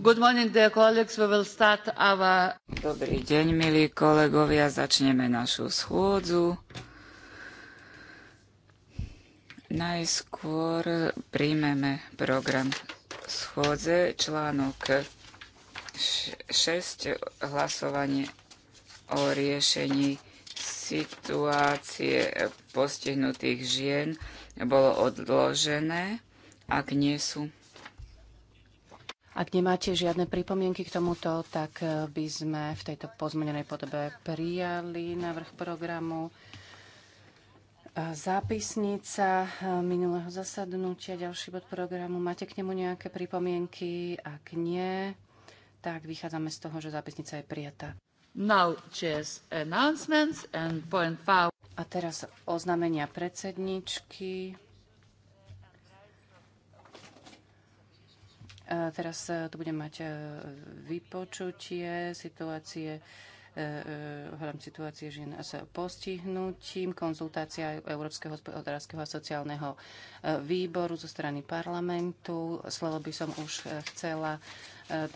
Dobrý deň, milí kolegovia. Začneme našu schôdzu. Najskôr príjmeme program schôdze, článok 6, hlasovanie o riešení situácie postihnutých žien bolo odložené, ak nie sú ak nemáte žiadne pripomienky k tomuto, tak eh, by sme v tejto pozmenenej podobe prijali návrh programu. Zápisnica eh, minulého zasadnutia, ďalší bod programu. Máte k nemu nejaké pripomienky? Ak nie, tak vychádzame z toho, že zápisnica je prijatá. Now, cheers, announcements and point five. A teraz oznámenia predsedničky. E, teraz e, tu budem mať e, vypočutie situácie hľadám situácie žien s postihnutím, konzultácia Európskeho hospodárskeho a sociálneho výboru zo strany parlamentu. Slovo by som už chcela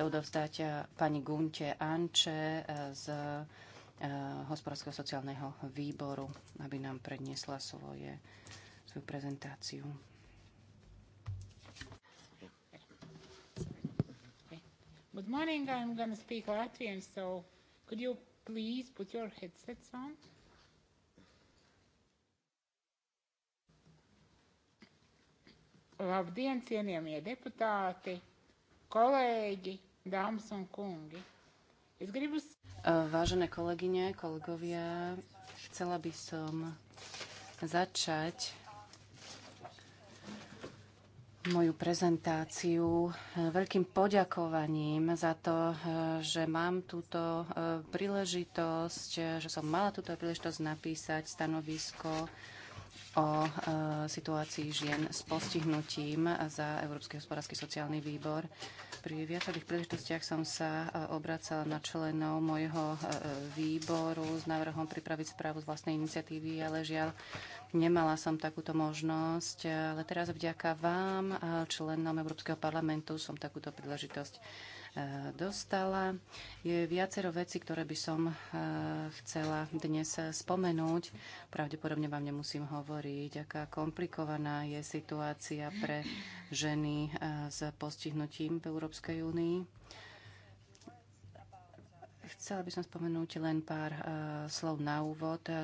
dostať pani Gunte Anče z hospodárskeho sociálneho výboru, aby nám predniesla svoje, svoju prezentáciu. Good morning. I'm going to speak Latvian, so could you please put your headsets on? Labdien, cienījamie deputāti, kolēģi, dāmas un kungi. Es gribu... Vážené kolegyne, kolegovia, chcela by som začať moju prezentáciu veľkým poďakovaním za to, že mám túto e, príležitosť, že som mala túto príležitosť napísať stanovisko o e, situácii žien s postihnutím za Európsky hospodársky sociálny výbor. Pri viacerých príležitostiach som sa e, obracala na členov môjho e, výboru s návrhom pripraviť správu z vlastnej iniciatívy, ale žiaľ, nemala som takúto možnosť. Ale teraz vďaka vám, členom Európskeho parlamentu, som takúto príležitosť Eh, dostala. Je viacero vecí, ktoré by som eh, chcela dnes spomenúť. Pravdepodobne vám nemusím hovoriť, aká komplikovaná je situácia pre ženy eh, s postihnutím v Európskej únii. Chcela by som spomenúť len pár uh, slov na úvod uh,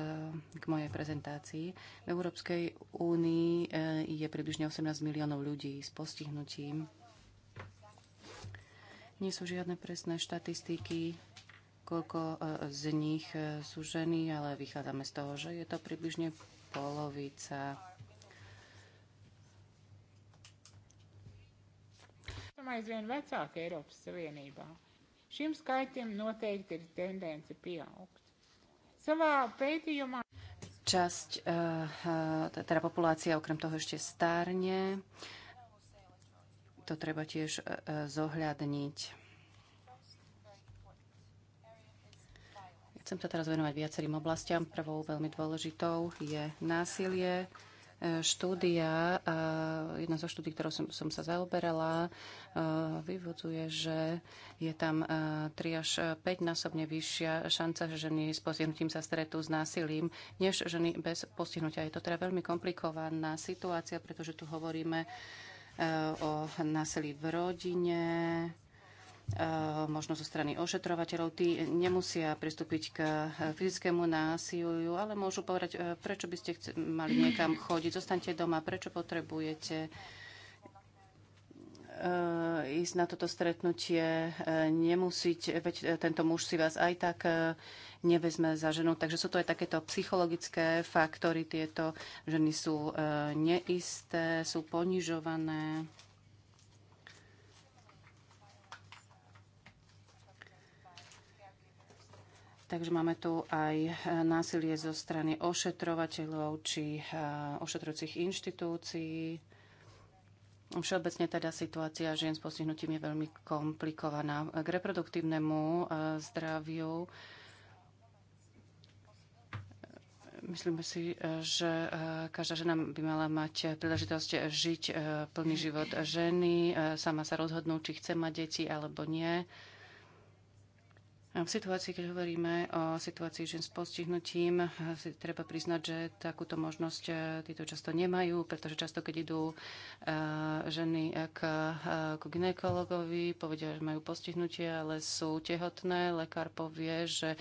k mojej prezentácii. V Európskej únii uh, je približne 18 miliónov ľudí s postihnutím nie sú žiadne presné štatistiky, koľko e, z nich e, sú ženy, ale vychádzame z toho, že je to približne polovica. vecāka Eiropas Savienībā. Šim skaitim noteikti ir tendence pieaugt. Savā pētījumā časť, e, teda populácia okrem toho ešte stárne to treba tiež e, e, zohľadniť. Chcem sa teraz venovať viacerým oblastiam. Prvou veľmi dôležitou je násilie e, štúdia, jedna zo štúdí, ktorou som, som sa zaoberala, vyvodzuje, že je tam 3 až 5 násobne vyššia šanca, že ženy s postihnutím sa stretú s násilím, než ženy bez postihnutia. Je to teda veľmi komplikovaná situácia, pretože tu hovoríme o násilí v rodine, e, možno zo strany ošetrovateľov. Tí nemusia pristúpiť k e, fyzickému násiliu, ale môžu povedať, e, prečo by ste mali niekam chodiť, zostaňte doma, prečo potrebujete Eh, ísť na toto stretnutie, eh, nemusíte, veď eh, tento muž si vás aj tak nevezme za ženu. Takže sú to aj takéto psychologické faktory. Tieto ženy sú neisté, sú ponižované. Takže máme tu aj násilie zo strany ošetrovateľov či ošetrujúcich inštitúcií. Všeobecne teda situácia žien s postihnutím je veľmi komplikovaná. K reproduktívnemu e, zdraviu myslíme si, e, že e, každá žena by mala mať príležitosť žiť plný život ženy, sama sa rozhodnúť, či chce mať deti alebo nie. V situácii, keď hovoríme o situácii žien s postihnutím, si treba priznať, že takúto možnosť e, títo často nemajú, pretože často, keď idú e, ženy k, e, k ginekologovi, povedia, že majú postihnutie, ale sú tehotné, lekár povie, že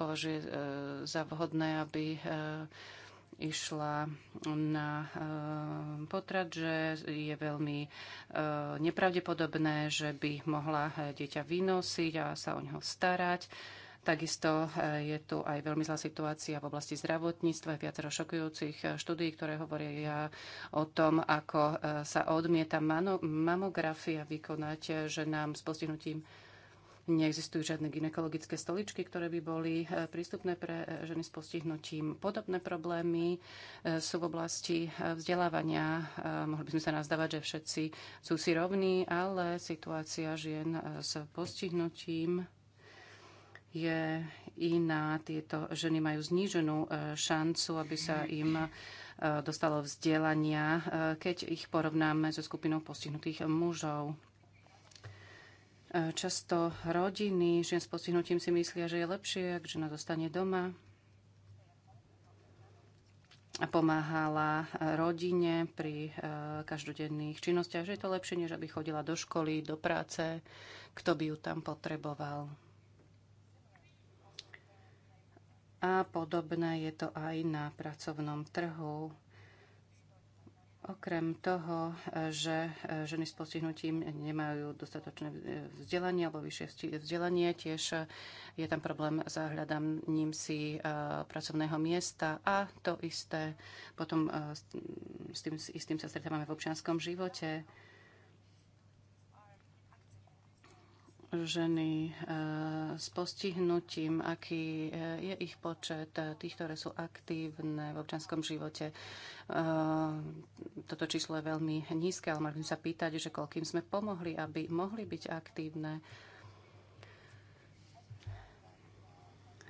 považuje za vhodné, aby išla na eh, potrat, že je veľmi eh, nepravdepodobné, že by mohla eh, dieťa vynosiť a sa o neho starať. Takisto je tu aj veľmi zlá situácia v oblasti zdravotníctva, viacero šokujúcich štúdí, ktoré hovoria o tom, ako sa odmieta mamografia vykonať ženám s postihnutím Neexistujú žiadne ginekologické stoličky, ktoré by boli e, prístupné pre e, ženy s postihnutím. Podobné problémy e, sú v oblasti vzdelávania. Mohli by sme sa nazdávať, že všetci sú si rovní, ale situácia žien s postihnutím je iná. Tieto ženy majú zníženú šancu, aby sa im dostalo vzdelania, keď ich porovnáme so skupinou postihnutých mužov. E, často rodiny žien s postihnutím si myslia, že je lepšie, ak žena zostane doma a pomáhala e, rodine pri e, každodenných činnostiach, že je to lepšie, než aby chodila do školy, do práce, kto by ju tam potreboval. A podobné je to aj na pracovnom trhu Okrem toho, že e, ženy s postihnutím nemajú dostatočné e, vzdelanie alebo vyššie vzdelanie, tiež e, je tam problém s hľadaním si pracovného miesta a to isté potom s tým, s tým sa stretávame v občianskom živote. ženy e, s postihnutím, aký e, je ich počet, e, tých, ktoré sú aktívne v občanskom živote. Toto číslo je veľmi nízke, ale môžem sa pýtať, že koľkým sme pomohli, aby mohli byť aktívne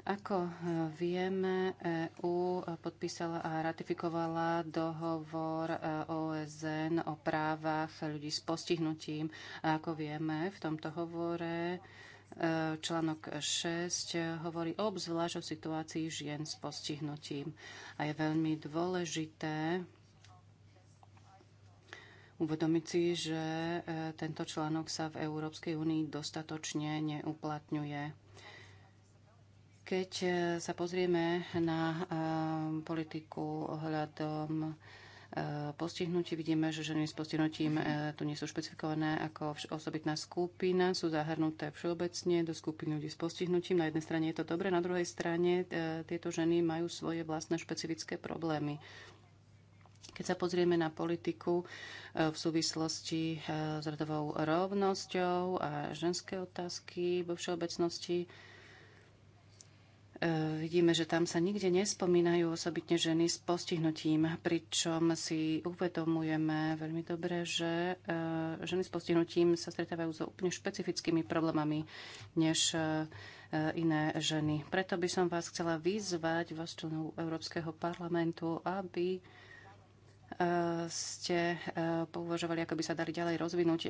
Ako e, vieme, EU podpísala a ratifikovala dohovor e, OSN o právach ľudí s postihnutím. A ako vieme, v tomto hovore e, článok 6 hovorí obzvlášť o situácii žien s postihnutím. A je veľmi dôležité uvedomiť si, že tento článok sa v Európskej únii dostatočne neuplatňuje. Keď e, sa pozrieme na e, politiku ohľadom e, postihnutí. Vidíme, že ženy s postihnutím tu nie sú špecifikované ako osobitná skupina, sú zahrnuté všeobecne do skupiny ľudí s postihnutím. Na jednej strane je to dobre, na druhej strane tieto ženy majú svoje vlastné špecifické problémy. Keď sa pozrieme na politiku v súvislosti s rodovou rovnosťou a ženské otázky vo všeobecnosti, E, vidíme, že tam sa nikde nespomínajú osobitne ženy s postihnutím, pričom si uvedomujeme veľmi dobre, že e, ženy s postihnutím sa stretávajú so úplne špecifickými problémami než e, iné ženy. Preto by som vás chcela vyzvať, vás členov Európskeho parlamentu, aby ste pouvažovali, ako by sa dali ďalej rozvinúť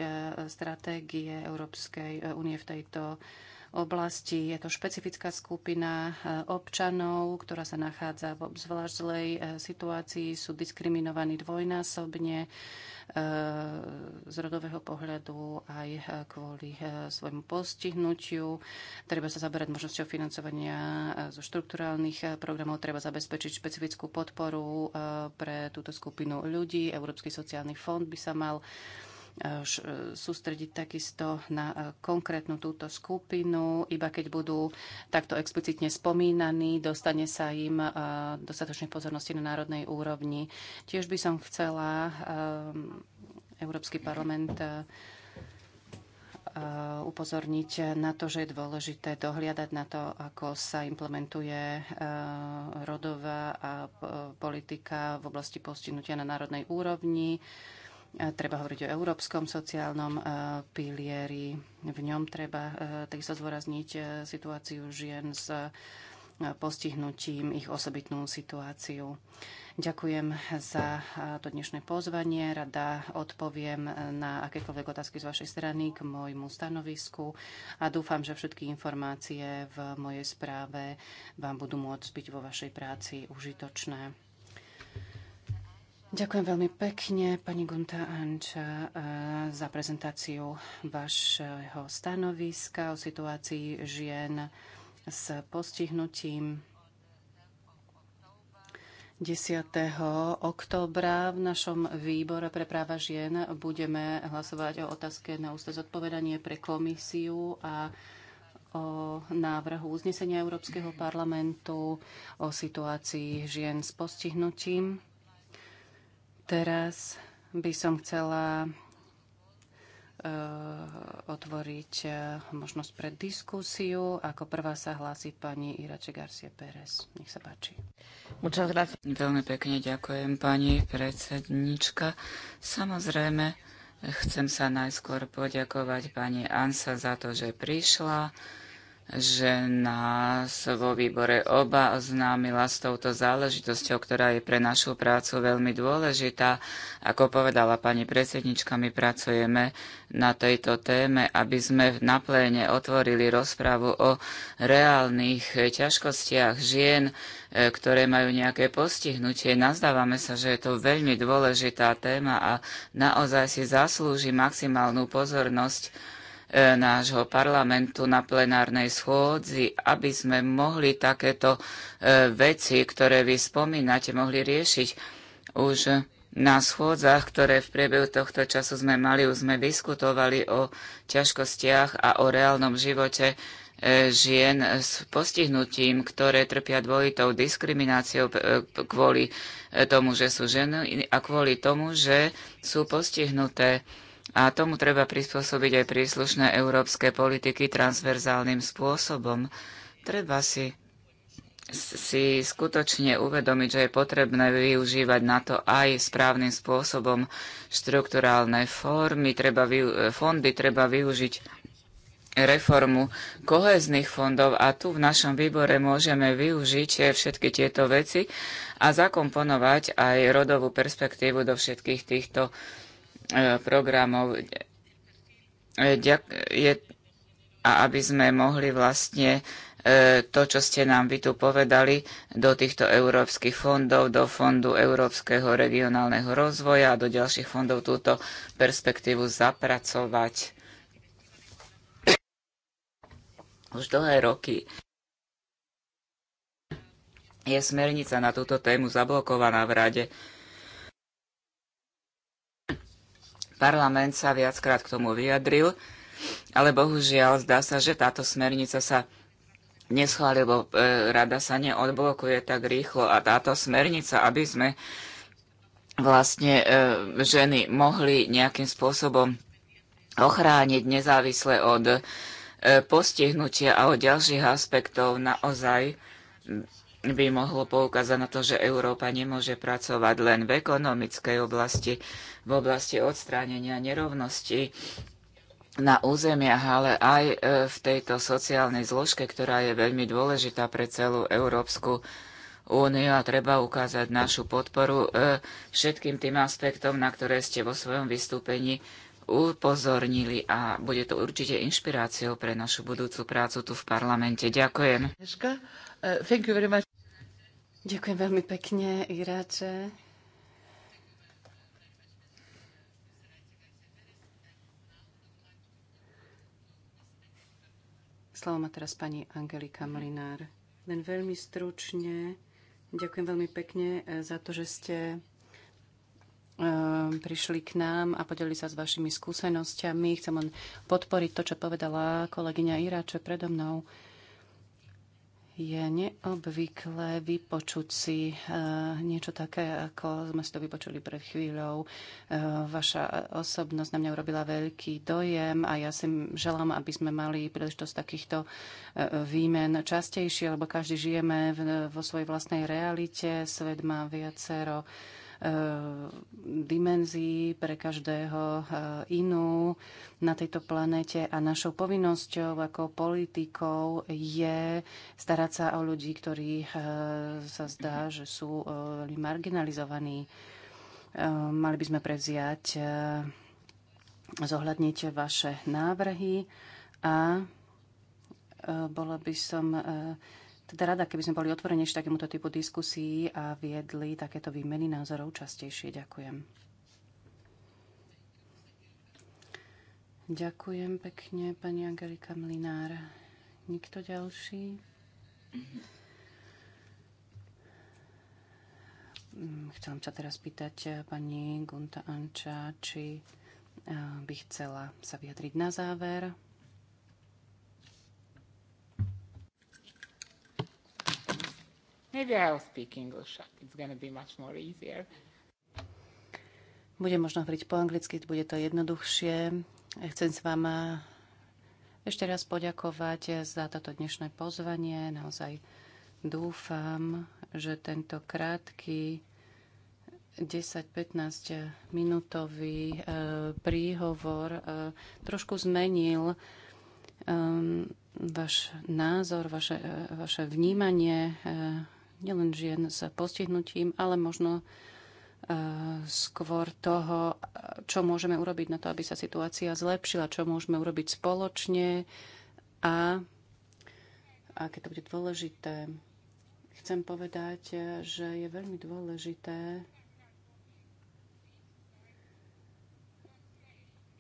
stratégie Európskej únie v tejto oblasti oblasti. Je to špecifická skupina eh, občanov, ktorá sa nachádza v obzvlášť zlej eh, situácii, sú diskriminovaní dvojnásobne eh, z rodového pohľadu aj kvôli svojmu postihnutiu. Treba sa zaberať možnosťou financovania zo štrukturálnych programov, treba zabezpečiť špecifickú podporu pre túto skupinu ľudí. Európsky sociálny fond by sa mal Eh, sústrediť takisto na eh, konkrétnu túto skupinu. Iba keď budú takto explicitne spomínaní, dostane sa im eh, dostatočne pozornosti na národnej úrovni. Tiež by som chcela Európsky parlament upozorniť na to, že je dôležité dohliadať na to, ako sa implementuje rodová politika v oblasti postihnutia na národnej úrovni. Treba hovoriť o európskom sociálnom e, pilieri. V ňom treba e, takisto zvorazniť e, situáciu žien s postihnutím, ich osobitnú situáciu. Ďakujem za to dnešné pozvanie. Rada odpoviem na akékoľvek otázky z vašej strany k môjmu stanovisku a dúfam, že všetky informácie v mojej správe vám budú môcť byť vo vašej práci užitočné. Ďakujem veľmi pekne, pani Gunta Anča, eh, za prezentáciu vašho stanoviska o situácii žien s postihnutím. 10. októbra v našom výbore pre práva žien budeme hlasovať o otázke na ústav zodpovedanie pre komisiu a o návrhu uznesenia Európskeho parlamentu o situácii žien s postihnutím. Teraz by som chcela eh, otvoriť eh, možnosť pre diskusiu. Ako prvá sa hlási pani Irače Garcia Pérez. Nech sa páči. Veľmi pekne ďakujem, pani predsednička. Samozrejme, chcem sa najskôr poďakovať pani Ansa za to, že prišla že nás vo výbore oba oznámila s touto záležitosťou, ktorá je pre našu prácu veľmi dôležitá. Ako povedala pani predsednička, my pracujeme na tejto téme, aby sme na pléne otvorili rozprávu o reálnych ťažkostiach žien, e, ktoré majú nejaké postihnutie. Nazdávame sa, že je to veľmi dôležitá téma a naozaj si zaslúži maximálnu pozornosť E, nášho parlamentu na plenárnej schôdzi, aby sme mohli takéto e, veci, ktoré vy spomínate, mohli riešiť. Už na schôdzach, ktoré v priebehu tohto času sme mali, už sme diskutovali o ťažkostiach a o reálnom živote e, žien s postihnutím, ktoré trpia dvojitou diskrimináciou kvôli tomu, že sú ženy a kvôli tomu, že sú postihnuté. A tomu treba prispôsobiť aj príslušné európske politiky transverzálnym spôsobom. Treba si, si skutočne uvedomiť, že je potrebné využívať na to aj správnym spôsobom štrukturálne formy, treba fondy, treba využiť reformu kohezných fondov a tu v našom výbore môžeme využiť všetky tieto veci a zakomponovať aj rodovú perspektívu do všetkých týchto E, programov. E, a aby sme mohli vlastne e, to, čo ste nám vy tu povedali, do týchto európskych fondov, do Fondu Európskeho regionálneho rozvoja a do ďalších fondov túto perspektívu zapracovať. Už dlhé roky je smernica na túto tému zablokovaná v Rade. Parlament sa viackrát k tomu vyjadril, ale bohužiaľ zdá sa, že táto smernica sa neschválil, bo e, rada sa neodblokuje tak rýchlo a táto smernica, aby sme vlastne e, ženy mohli nejakým spôsobom ochrániť nezávisle od e, postihnutia a od ďalších aspektov naozaj by mohlo poukázať na to, že Európa nemôže pracovať len v ekonomickej oblasti, v oblasti odstránenia nerovnosti na územiach, ale aj e, v tejto sociálnej zložke, ktorá je veľmi dôležitá pre celú Európsku úniu a treba ukázať našu podporu e, všetkým tým aspektom, na ktoré ste vo svojom vystúpení upozornili a bude to určite inšpiráciou pre našu budúcu prácu tu v parlamente. Ďakujem. Ďakujem veľmi pekne, Iráče. Slovo má teraz pani Angelika Mlinár. Len veľmi stručne. Ďakujem veľmi pekne e, za to, že ste e, prišli k nám a podeli sa s vašimi skúsenosťami. Chcem len podporiť to, čo povedala kolegyňa Iráče predo mnou. Je neobvyklé vypočuť si eh, niečo také, ako sme si to vypočuli pred chvíľou. Eh, vaša osobnosť na mňa urobila veľký dojem a ja si želám, aby sme mali príležitosť takýchto eh, výmen častejšie, lebo každý žijeme vo svojej vlastnej realite, svet má viacero Eh, dimenzií, pre každého eh, inú na tejto planete a našou povinnosťou ako politikov je starať sa o ľudí, ktorí eh, sa zdá, že sú marginalizovaní. Mali by sme prevziať, zohľadniť vaše návrhy a bola by som teda rada, keby sme boli otvorenejšie takémuto typu diskusí a viedli takéto výmeny názorov častejšie. Ďakujem. Ďakujem pekne, pani Angelika Mlinár. Nikto ďalší? Mm, chcem sa teraz pýtať eh, pani Gunta Anča, či eh, by chcela sa vyjadriť na záver. Maybe I'll speak English. It's gonna be much more easier. Budem možno hovoriť po anglicky, bude to jednoduchšie. Chcem s vám eh, ešte raz poďakovať eh, za toto dnešné pozvanie. Naozaj dúfam, že tento krátky 10-15 eh, minútový príhovor trošku zmenil ehm, váš názor, vaše, vaše vnímanie nielen žien s postihnutím, ale možno e, skôr toho, čo môžeme urobiť na to, aby sa situácia zlepšila, čo môžeme urobiť spoločne a aké to bude dôležité. Chcem povedať, e, že je veľmi dôležité,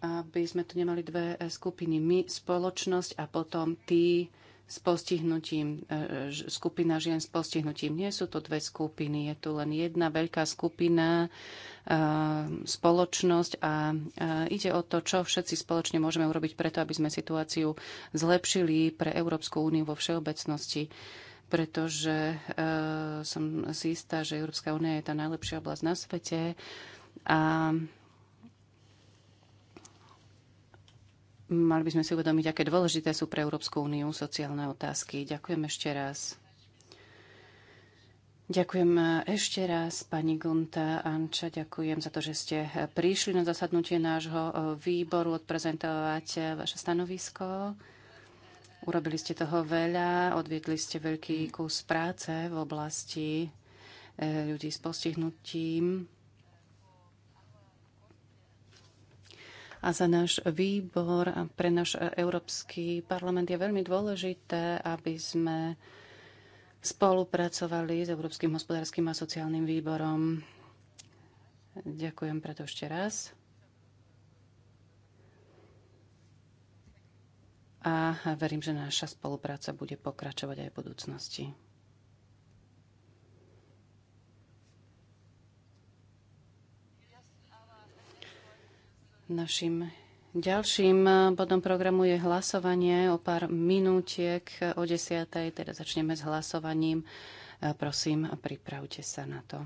aby sme tu nemali dve e, skupiny. My, spoločnosť a potom tí, s postihnutím, e, skupina žien s postihnutím. Nie sú to dve skupiny, je tu len jedna veľká skupina, e, spoločnosť a e, ide o to, čo všetci spoločne môžeme urobiť preto, aby sme situáciu zlepšili pre Európsku úniu vo všeobecnosti pretože som si istá, že Európska únia je tá najlepšia oblasť na svete a Mali by sme si uvedomiť, aké dôležité sú pre Európsku úniu sociálne otázky. Ďakujem ešte raz. Ďakujem ešte raz, pani Gunta Anča, ďakujem za to, že ste prišli na zasadnutie nášho e, výboru odprezentovať e, vaše stanovisko. Urobili ste toho veľa, odviedli ste veľký kus práce v oblasti e, ľudí s postihnutím. a za náš výbor a pre náš Európsky parlament je veľmi dôležité, aby sme spolupracovali s Európskym hospodárskym a sociálnym výborom. Ďakujem preto ešte raz. A verím, že naša spolupráca bude pokračovať aj v budúcnosti. Našim ďalším eh, bodom programu je hlasovanie o pár minútiek o desiatej, teda začneme s hlasovaním. Eh, prosím, pripravte sa na to.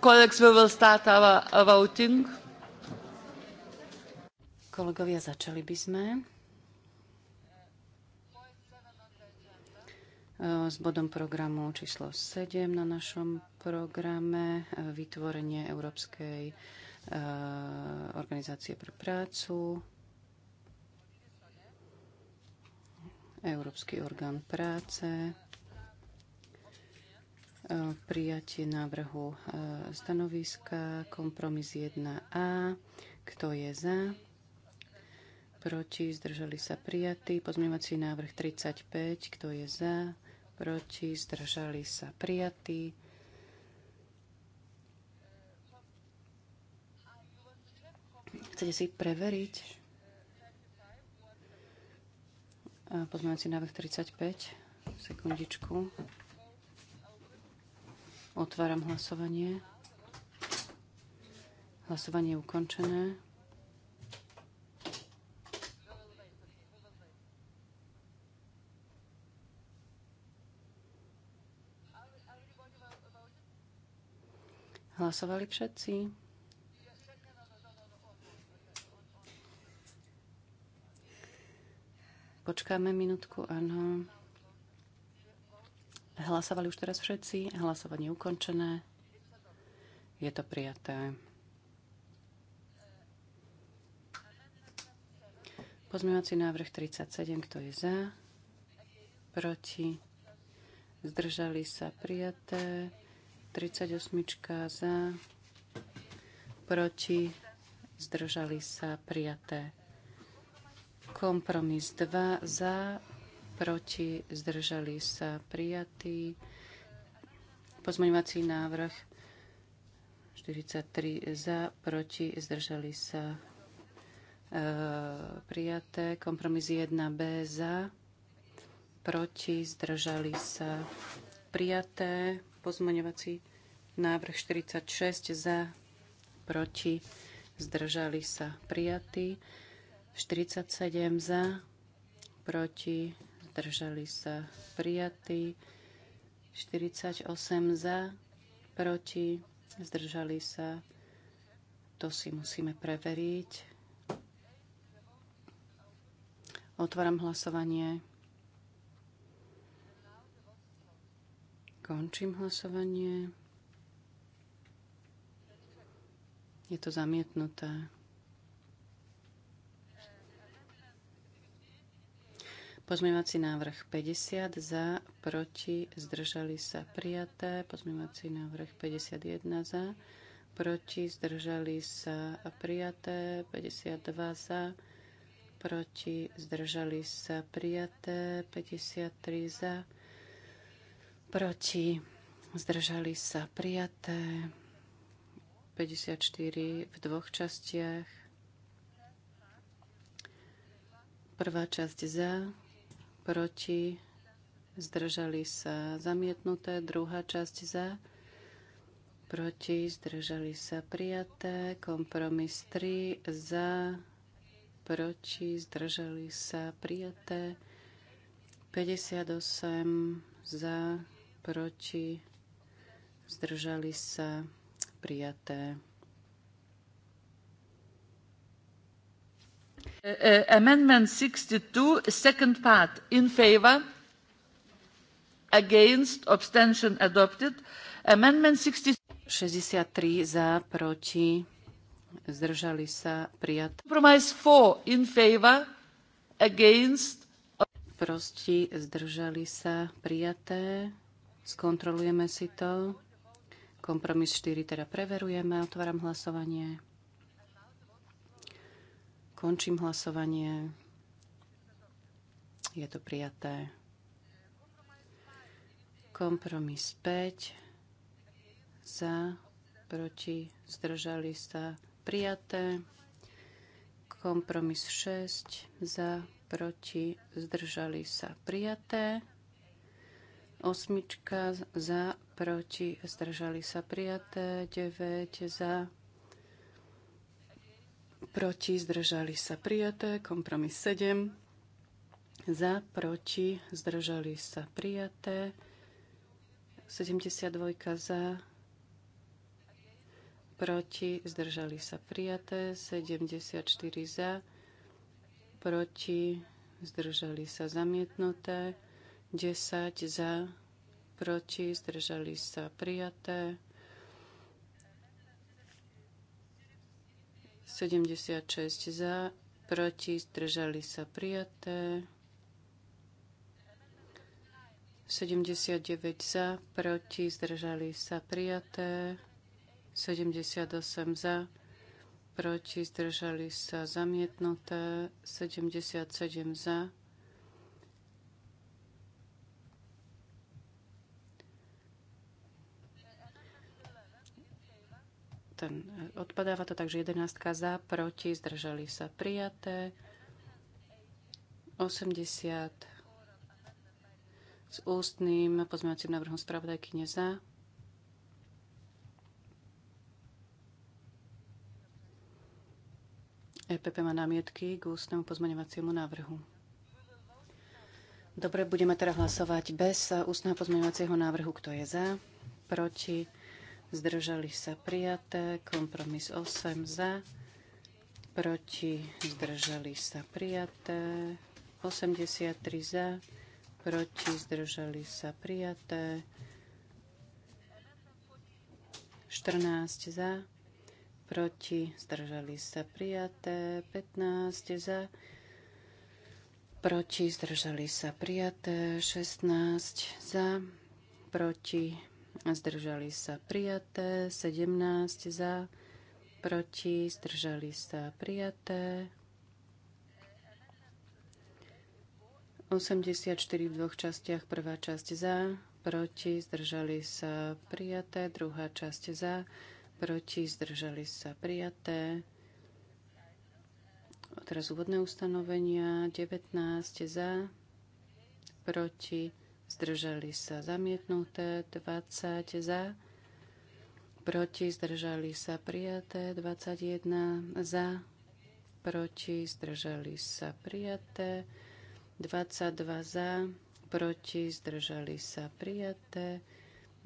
Kolegs, we will start our, our voting. Kolegovia, začali by sme. s bodom programu číslo 7 na našom programe vytvorenie Európskej eh, organizácie pre prácu. Európsky orgán práce, e, prijatie návrhu e, stanoviska, kompromis 1a, kto je za, proti, zdržali sa prijatí, pozmievací návrh 35, kto je za, proti, zdržali sa prijatí. Chcete si preveriť? si návrh 35. Sekundičku. Otváram hlasovanie. Hlasovanie je ukončené. Hlasovali všetci? Počkáme minútku, áno. Hlasovali už teraz všetci. Hlasovanie ukončené. Je to prijaté. Pozmývací návrh 37, kto je za? Proti? Zdržali sa prijaté. 38 za? Proti? Zdržali sa prijaté. Kompromis 2 za, proti, zdržali sa prijatí. Pozmeňovací návrh 43 za, proti, zdržali sa e, prijaté. Kompromis 1b za, proti, zdržali sa prijaté. Pozmeňovací návrh 46 za, proti, zdržali sa prijatí. 47 za, proti, zdržali sa prijatí. 48 za, proti, zdržali sa. To si musíme preveriť. Otváram hlasovanie. Končím hlasovanie. Je to zamietnuté. Pozmievací návrh 50 za, proti, zdržali sa prijaté. Pozmievací návrh 51 za, proti, zdržali sa prijaté. 52 za, proti, zdržali sa prijaté. 53 za, proti, zdržali sa prijaté. 54 v dvoch častiach. Prvá časť za, proti, zdržali sa zamietnuté, druhá časť za, proti, zdržali sa prijaté, kompromis 3 za, proti, zdržali sa prijaté, 58 za, proti, zdržali sa prijaté. Eh, eh, amendment sixty two second part in favour against abstention adopted amendment sixty tri za proti zdržali sa prijat compromise four in favour against proti zdržali sa prijaté skontrolujeme si to kompromis štyri teda preverujeme otváram hlasovanie Končím hlasovanie. Je to prijaté. Kompromis 5. Za, proti, zdržali sa. Prijaté. Kompromis 6. Za, proti, zdržali sa. Prijaté. Osmička za, proti, zdržali sa. Prijaté. 9 za, proti, zdržali sa prijaté. Kompromis 7 za, proti, zdržali sa prijaté. 72 za, proti, zdržali sa prijaté. 74 za, proti, zdržali sa zamietnuté. 10 za, proti, zdržali sa prijaté. 76 za, proti, zdržali sa prijaté. 79 za, proti, zdržali sa prijaté. 78 za, proti, zdržali sa zamietnuté. 77 za, ten odpadáva to, takže 11 za, proti, zdržali sa prijaté. 80 s ústnym pozmeňovacím návrhom spravodajkyne za. EPP má námietky k ústnemu pozmeňovaciemu návrhu. Dobre, budeme teda hlasovať bez ústneho pozmeňovacieho návrhu. Kto je za? Proti? zdržali sa prijaté, kompromis 8 za, proti, zdržali sa prijaté, 83 za, proti, zdržali sa prijaté, 14 za, proti, zdržali sa prijaté, 15 za, proti, zdržali sa prijaté, 16 za, proti, zdržali sa prijaté, 17 za, proti, zdržali sa prijaté, 84 v dvoch častiach, prvá časť za, proti, zdržali sa prijaté, druhá časť za, proti, zdržali sa prijaté. teraz úvodné ustanovenia, 19 za, proti, zdržali sa zamietnuté, 20 za, proti, zdržali sa prijaté, 21 za, proti, zdržali sa prijaté, 22 za, proti, zdržali sa prijaté,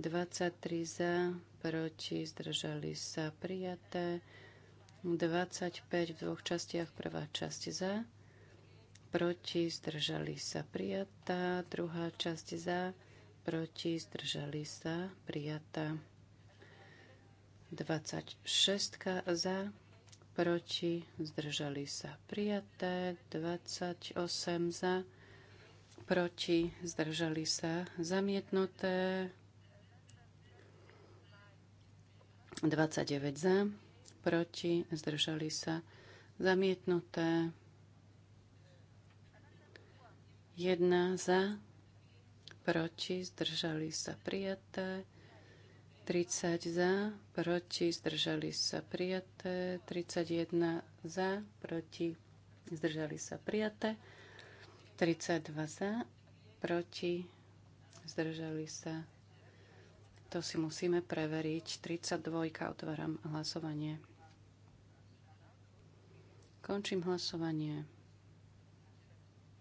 23 za, proti, zdržali sa prijaté, 25 v dvoch častiach, prvá časť za, proti, zdržali sa prijatá. Druhá časť za, proti, zdržali sa prijatá. 26 za, proti, zdržali sa prijaté. 28 za, proti, zdržali sa zamietnuté. 29 za, proti, zdržali sa zamietnuté. 1 za, proti, zdržali sa prijaté. 30 za, proti, zdržali sa prijaté. 31 za, proti, zdržali sa prijaté. 32 za, proti, zdržali sa. To si musíme preveriť. 32, otváram hlasovanie. Končím hlasovanie.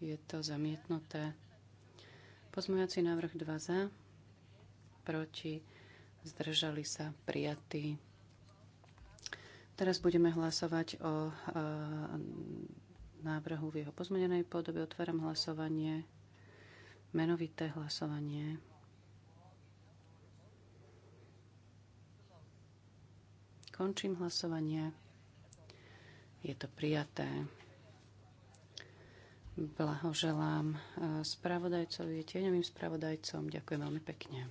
Je to zamietnuté. Pozmujací návrh 2 za, proti, zdržali sa, prijatí. Teraz budeme hlasovať o e, návrhu v jeho pozmenenej podobe. Otváram hlasovanie, menovité hlasovanie. Končím hlasovanie. Je to prijaté. Blahoželám e, spravodajcovi, tieňovým spravodajcom. Ďakujem veľmi pekne.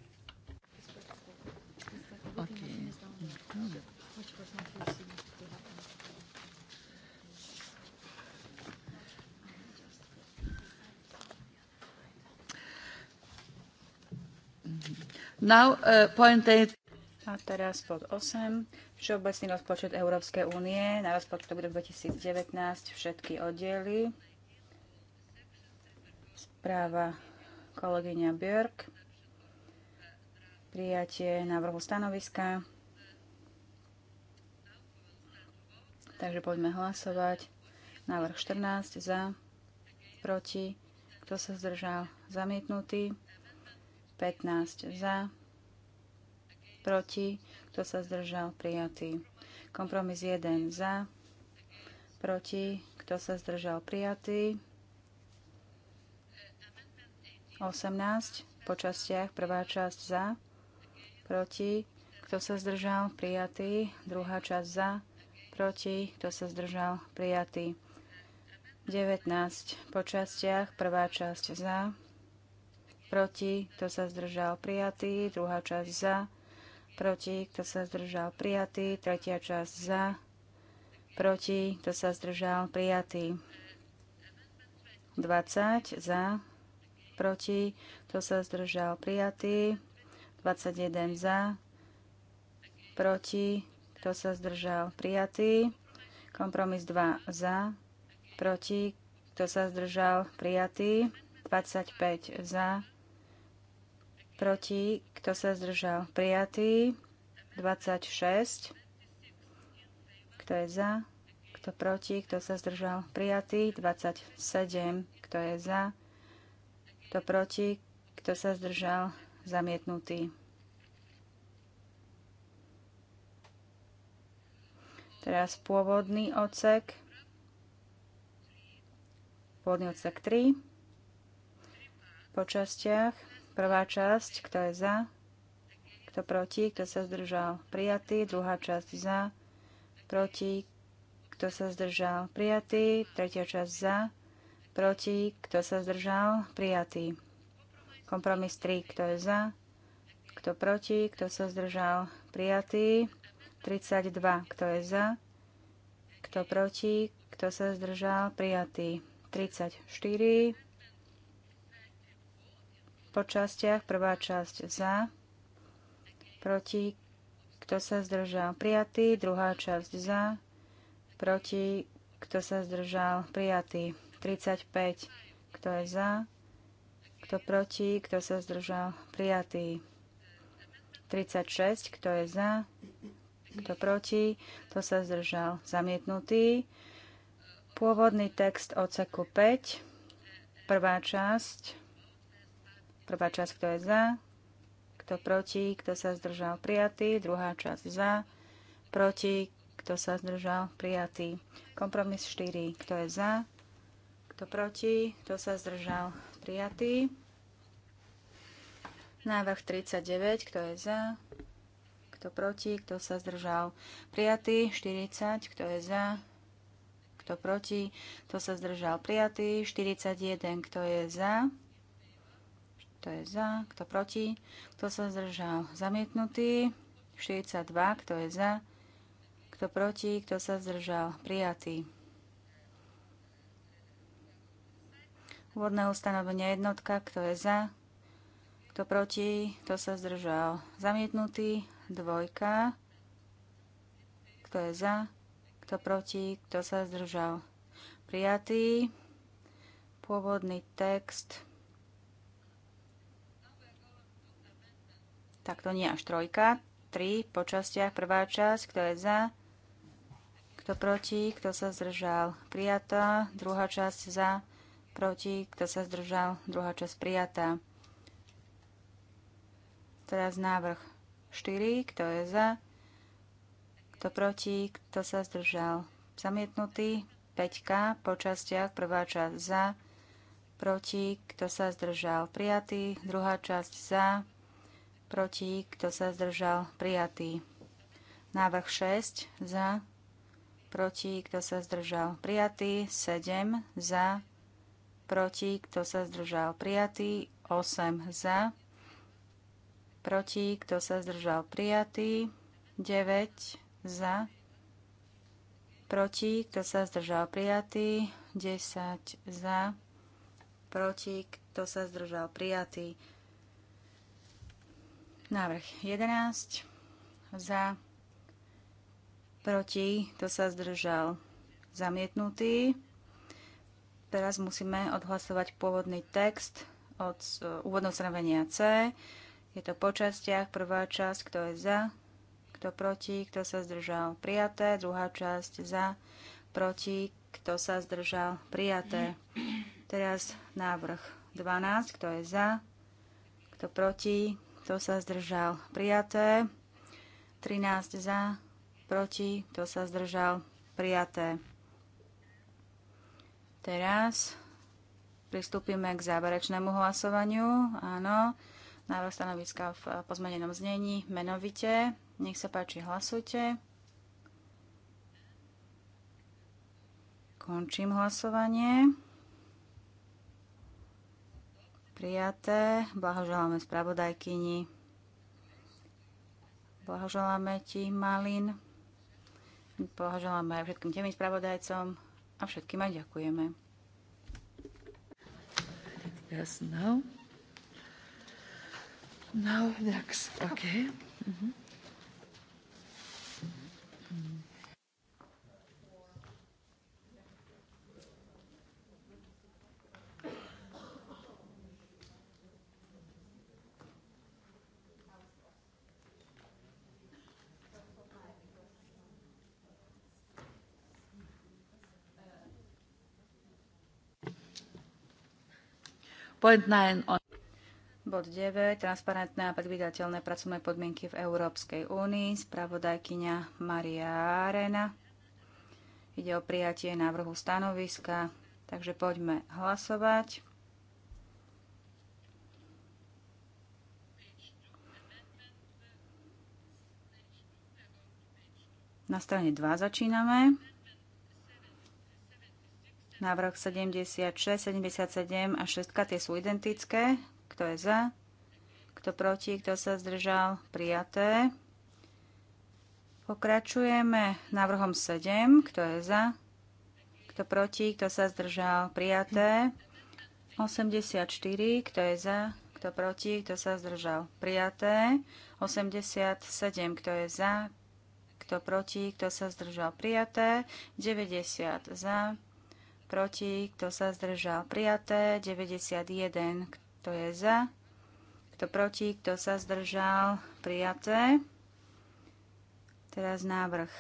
Now, uh, point eight. A teraz pod 8. Všeobecný rozpočet Európskej únie na rozpočet 2019 všetky oddiely. Správa kolegyňa Björk. Prijatie návrhu stanoviska. Takže poďme hlasovať. Návrh 14 za, proti, kto sa zdržal, zamietnutý. 15 za, proti, kto sa zdržal, prijatý. Kompromis 1 za, proti, kto sa zdržal, prijatý. 18 po častiach. Prvá časť za, proti, kto sa zdržal, prijatý. Druhá časť za, proti, kto sa zdržal, prijatý. 19 po častiach. Prvá časť za, proti, kto sa zdržal, prijatý. Druhá časť za, proti, kto sa zdržal, prijatý. Tretia časť za, proti, kto sa zdržal, prijatý. 20 za, proti, kto sa zdržal prijatý, 21 za, proti, kto sa zdržal prijatý, kompromis 2 za, proti, kto sa zdržal prijatý, 25 za, proti, kto sa zdržal prijatý, 26, kto je za, kto proti, kto sa zdržal prijatý, 27, kto je za, kto proti? Kto sa zdržal? Zamietnutý. Teraz pôvodný odsek. Pôvodný odsek 3. Po častiach. Prvá časť, kto je za, kto proti, kto sa zdržal, prijatý. Druhá časť za, proti, kto sa zdržal, prijatý. Tretia časť za, proti, kto sa zdržal, prijatý. Kompromis 3, kto je za, kto proti, kto sa zdržal, prijatý. 32, kto je za, kto proti, kto sa zdržal, prijatý. 34, po častiach, prvá časť za, proti, kto sa zdržal, prijatý, druhá časť za, proti, kto sa zdržal, prijatý. 35. Kto je za? Kto proti? Kto sa zdržal? Prijatý. 36. Kto je za? Kto proti? Kto sa zdržal? Zamietnutý. Pôvodný text odseku 5. Prvá časť. Prvá časť, kto je za? Kto proti? Kto sa zdržal? Prijatý. Druhá časť za? Proti? Kto sa zdržal? Prijatý. Kompromis 4. Kto je za? Kto proti? Kto sa zdržal? Prijatý. Návrh 39. Kto je za? Kto proti? Kto sa zdržal? Prijatý. 40. Kto je za? Kto proti? Kto sa zdržal? Prijatý. 41. Kto je za? Kto je za? Kto proti? Kto sa zdržal? Zamietnutý. 42. Kto je za? Kto proti? Kto sa zdržal? Prijatý. Úvodné ustanovenie jednotka, kto je za, kto proti, kto sa zdržal. Zamietnutý, dvojka, kto je za, kto proti, kto sa zdržal. Prijatý, pôvodný text. Tak to nie až trojka. tri po častiach. Prvá časť, kto je za, kto proti, kto sa zdržal. Prijatá. Druhá časť za, proti, kto sa zdržal, druhá časť prijatá. Teraz návrh 4, kto je za, kto proti, kto sa zdržal, zamietnutý. 5 po častiach, prvá časť za, proti, kto sa zdržal, prijatý, druhá časť za, proti, kto sa zdržal, prijatý. Návrh 6 za, proti, kto sa zdržal, prijatý, 7 za, proti, kto sa zdržal prijatý, 8 za, proti, kto sa zdržal prijatý, 9 za, proti, kto sa zdržal prijatý, 10 za, proti, kto sa zdržal prijatý, návrh 11 za, proti, kto sa zdržal zamietnutý, Teraz musíme odhlasovať pôvodný text od úvodného stanovenia C. Je to po častiach. Prvá časť, kto je za, kto proti, kto sa zdržal, prijaté. Druhá časť za, proti, kto sa zdržal, prijaté. Teraz návrh 12, kto je za, kto proti, kto sa zdržal, prijaté. 13 za, proti, kto sa zdržal, prijaté. Teraz pristúpime k záverečnému hlasovaniu. Áno, návrh stanoviska v pozmenenom znení menovite. Nech sa páči, hlasujte. Končím hlasovanie. Prijaté. Blahoželáme spravodajkyni. Blahoželáme ti, Malin. Blahoželáme aj všetkým temným spravodajcom a všetkým aj ďakujeme. Yes, now. Now next. Okay. Mm-hmm. Bod 9. Transparentné a predvídateľné pracovné podmienky v Európskej únii. Spravodajkyňa Maria Arena. Ide o prijatie návrhu stanoviska, takže poďme hlasovať. Na strane 2 začíname. Návrh 76, 77 a 6 tie sú identické. Kto je za? Kto proti? Kto sa zdržal? Prijaté. Pokračujeme návrhom 7. Kto je za? Kto proti? Kto sa zdržal? Prijaté. 84. Kto je za? Kto proti? Kto sa zdržal? Prijaté. 87. Kto je za? Kto proti? Kto sa zdržal? Prijaté. 90 za proti, kto sa zdržal prijaté, 91, kto je za, kto proti, kto sa zdržal prijaté. Teraz návrh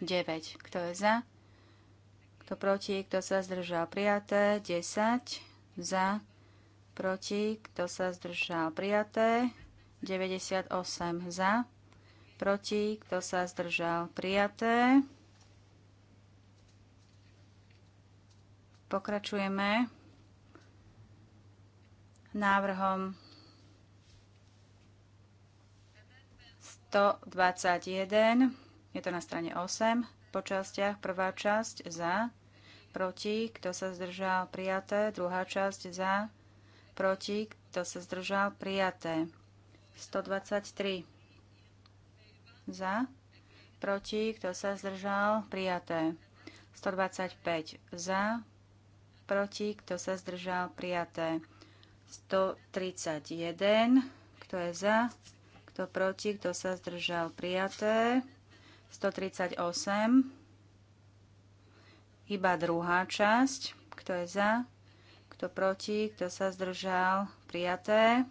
9, kto je za, kto proti, kto sa zdržal prijaté, 10, za, proti, kto sa zdržal prijaté, 98 za, proti, kto sa zdržal prijaté. Pokračujeme návrhom 121. Je to na strane 8. Po častiach prvá časť za, proti, kto sa zdržal, prijaté. Druhá časť za, proti, kto sa zdržal, prijaté. 123. Za, proti, kto sa zdržal, prijaté. 125 za, proti, kto sa zdržal, prijaté. 131, kto je za, kto proti, kto sa zdržal, prijaté. 138, iba druhá časť, kto je za, kto proti, kto sa zdržal, prijaté.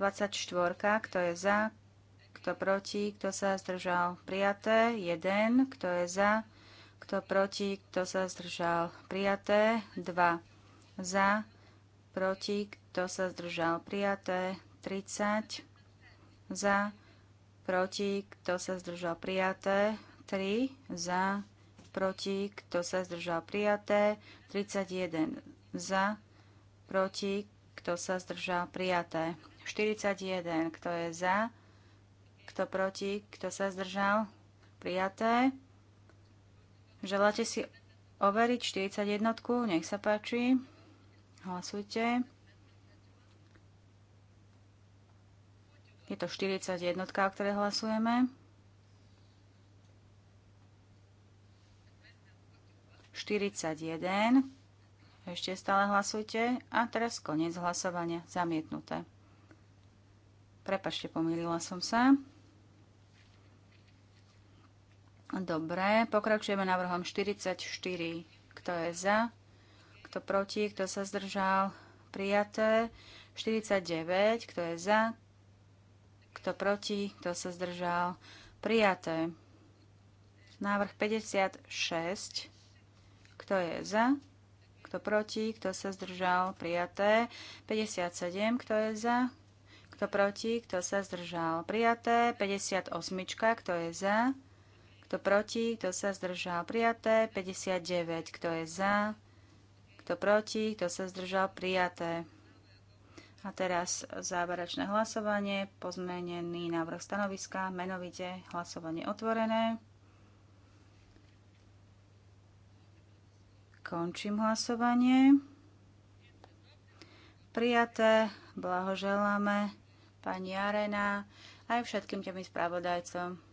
24, kto je za, kto proti, kto sa zdržal prijaté, 1, kto je za, kto proti, kto sa zdržal prijaté, 2 za, proti, kto sa zdržal prijaté, 30 za, proti, kto sa zdržal prijaté, 3 za, proti, kto sa zdržal prijaté, 31 za, proti, kto sa zdržal prijaté, 41, kto je za, kto proti? Kto sa zdržal? Prijaté. Želáte si overiť 41? Nech sa páči. Hlasujte. Je to 41, o ktorej hlasujeme. 41. Ešte stále hlasujte. A teraz koniec hlasovania. Zamietnuté. Prepačte, pomýlila som sa. Dobre, pokračujeme návrhom 44. Kto je za? Kto proti? Kto sa zdržal? Prijaté. 49. Kto je za? Kto proti? Kto sa zdržal? Prijaté. Návrh 56. Kto je za? Kto proti? Kto sa zdržal? Prijaté. 57. Kto je za? Kto proti? Kto sa zdržal? Prijaté. 58. Kto je za? Kto proti? Kto sa zdržal? Prijaté. 59. Kto je za? Kto proti? Kto sa zdržal? Prijaté. A teraz záverečné hlasovanie, pozmenený návrh stanoviska, menovite hlasovanie otvorené. Končím hlasovanie. Prijaté, blahoželáme pani Arena aj všetkým tým spravodajcom.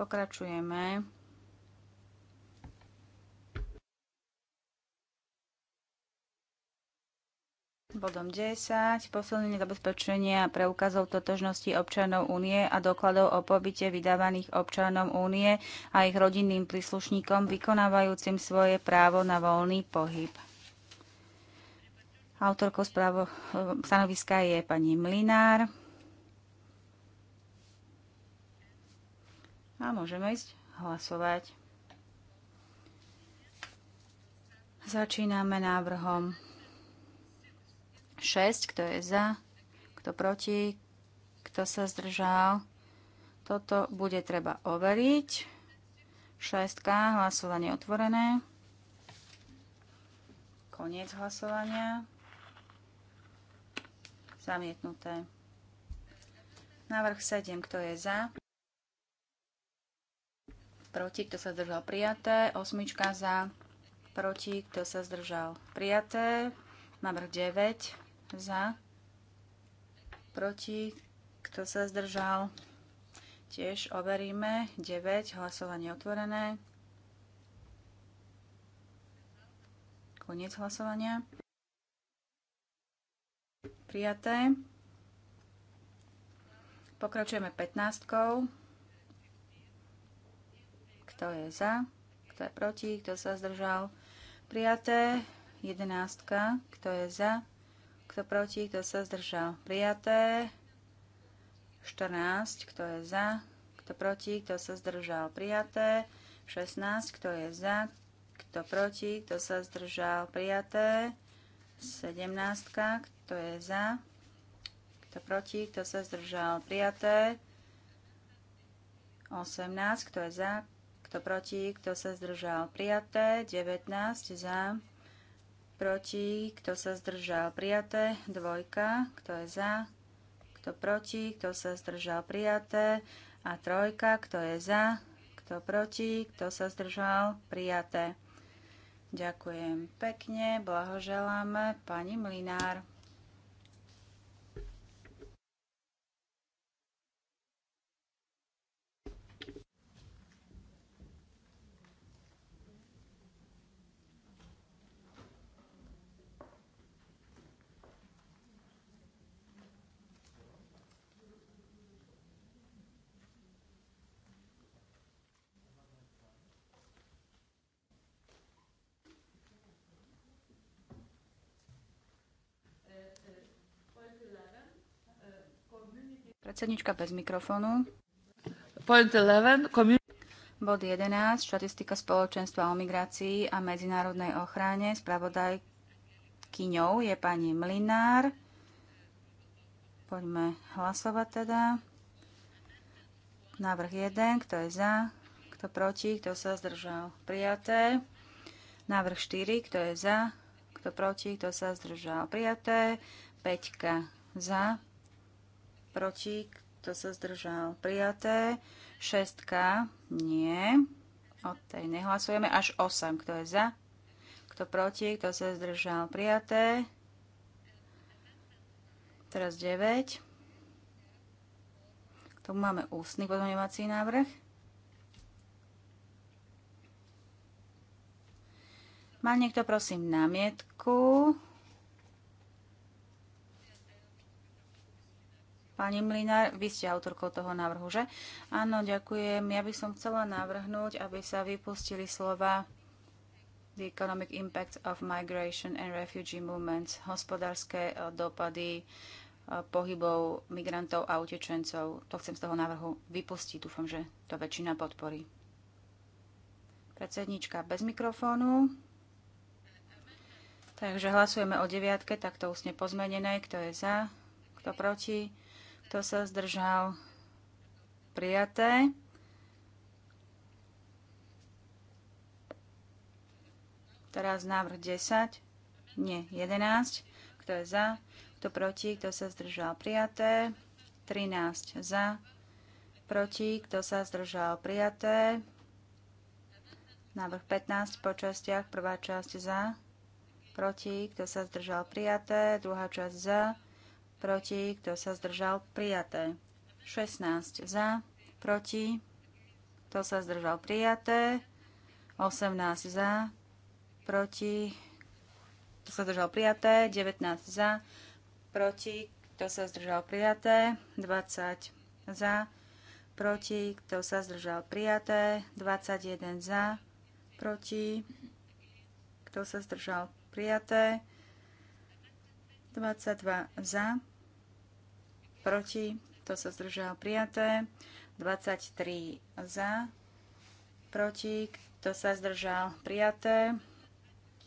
Pokračujeme. Bodom 10. Posilnenie zabezpečenia preukazov totožnosti občanov únie a dokladov o pobyte vydávaných občanom únie a ich rodinným príslušníkom vykonávajúcim svoje právo na voľný pohyb. Autorkou správo, stanoviska je pani Mlinár. A môžeme ísť hlasovať. Začíname návrhom 6, kto je za, kto proti, kto sa zdržal. Toto bude treba overiť. 6, hlasovanie otvorené. Koniec hlasovania. Zamietnuté. Návrh 7, kto je za? proti, kto sa zdržal prijaté, osmička za, proti, kto sa zdržal prijaté, návrh 9 za, proti, kto sa zdržal, tiež overíme, 9, hlasovanie otvorené, koniec hlasovania, prijaté, pokračujeme 15. Kto je za? Kto je proti? Kto sa zdržal? Prijaté. jedenáctka, Kto je za? Kto proti? Kto sa zdržal? Prijaté. 14. Kto je za? Kto proti? Kto sa zdržal? Prijaté. 16. Kto je za? Kto proti? Kto sa zdržal? Prijaté. 17. Kto je za? Kto proti? Kto sa zdržal? Prijaté. 18. Kto je za? Kto proti? Kto sa zdržal? Prijaté. 19 za. Proti? Kto sa zdržal? Prijaté. Dvojka. Kto je za? Kto proti? Kto sa zdržal? Prijaté. A trojka. Kto je za? Kto proti? Kto sa zdržal? Prijaté. Ďakujem pekne, blahoželáme pani Mlinár. Predsednička bez mikrofónu. Point 11. Bod 11. Štatistika spoločenstva o migrácii a medzinárodnej ochrane. Spravodajkyňou je pani Mlinár. Poďme hlasovať teda. Návrh 1. Kto je za? Kto proti? Kto sa zdržal? Prijaté. Návrh 4. Kto je za? Kto proti? Kto sa zdržal? Prijaté. Peťka Za proti, kto sa zdržal, prijaté. Šestka, nie. O tej nehlasujeme. Až 8, kto je za, kto proti, kto sa zdržal, prijaté. Teraz 9. K tomu máme ústny pozmeňovací návrh. Má niekto, prosím, námietku? Pani Mlinár, vy ste autorkou toho návrhu, že? Áno, ďakujem. Ja by som chcela navrhnúť, aby sa vypustili slova The Economic Impact of Migration and Refugee Movements, hospodárske e, dopady e, pohybov migrantov a utečencov. To chcem z toho návrhu vypustiť. Dúfam, že to väčšina podporí. Predsednička bez mikrofónu. Takže hlasujeme o deviatke, takto usne pozmenené. Kto je za? Kto proti? Kto sa zdržal? Prijaté. Teraz návrh 10. Nie, 11. Kto je za? Kto proti? Kto sa zdržal? Prijaté. 13 za. Proti? Kto sa zdržal? Prijaté. Návrh 15 po častiach. Prvá časť za. Proti? Kto sa zdržal? Prijaté. Druhá časť za proti, kto sa zdržal, prijaté. 16 za, proti, kto sa zdržal, prijaté. 18 za, proti, kto sa zdržal, prijaté. 19 za, proti, kto sa zdržal, prijaté. 20 za, proti, kto sa zdržal, prijaté. 21 za, proti, kto sa zdržal, prijaté. 22 za, proti, to sa zdržal prijaté, 23 za, proti, kto sa zdržal prijaté,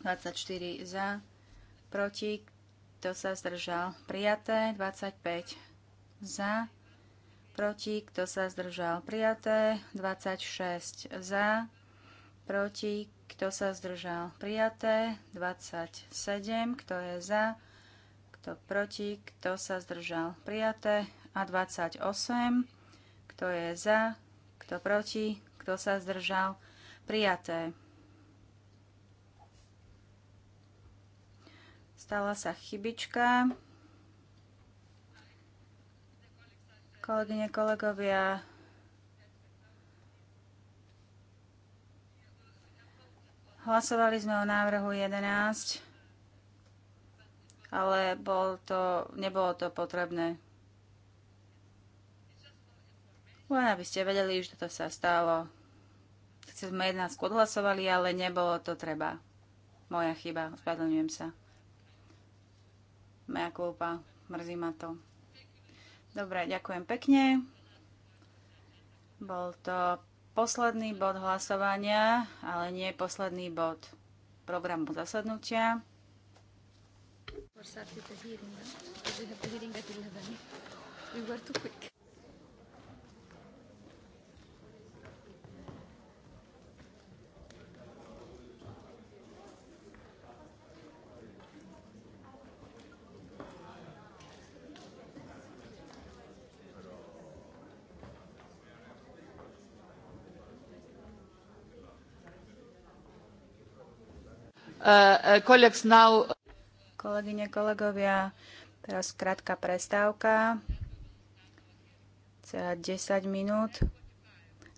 24 za, proti, kto sa zdržal prijaté, 25 za, proti, kto sa zdržal prijaté, 26 za, proti, kto sa zdržal prijaté, 27, kto je za, kto proti, kto sa zdržal prijaté a 28, kto je za, kto proti, kto sa zdržal prijaté. Stala sa chybička. Kolegyne, kolegovia, hlasovali sme o návrhu 11 ale bol to, nebolo to potrebné. Len aby ste vedeli, že toto sa stalo. Chce sme jedná odhlasovali, ale nebolo to treba. Moja chyba, ospravedlňujem sa. Moja kúpa, mrzí ma to. Dobre, ďakujem pekne. Bol to posledný bod hlasovania, ale nie posledný bod programu zasadnutia. وصار في تدهير we have تدهيرنج at 11 we were too quick Uh, uh, colleagues now Kolegyne, kolegovia, teraz krátka prestávka. 10 minút.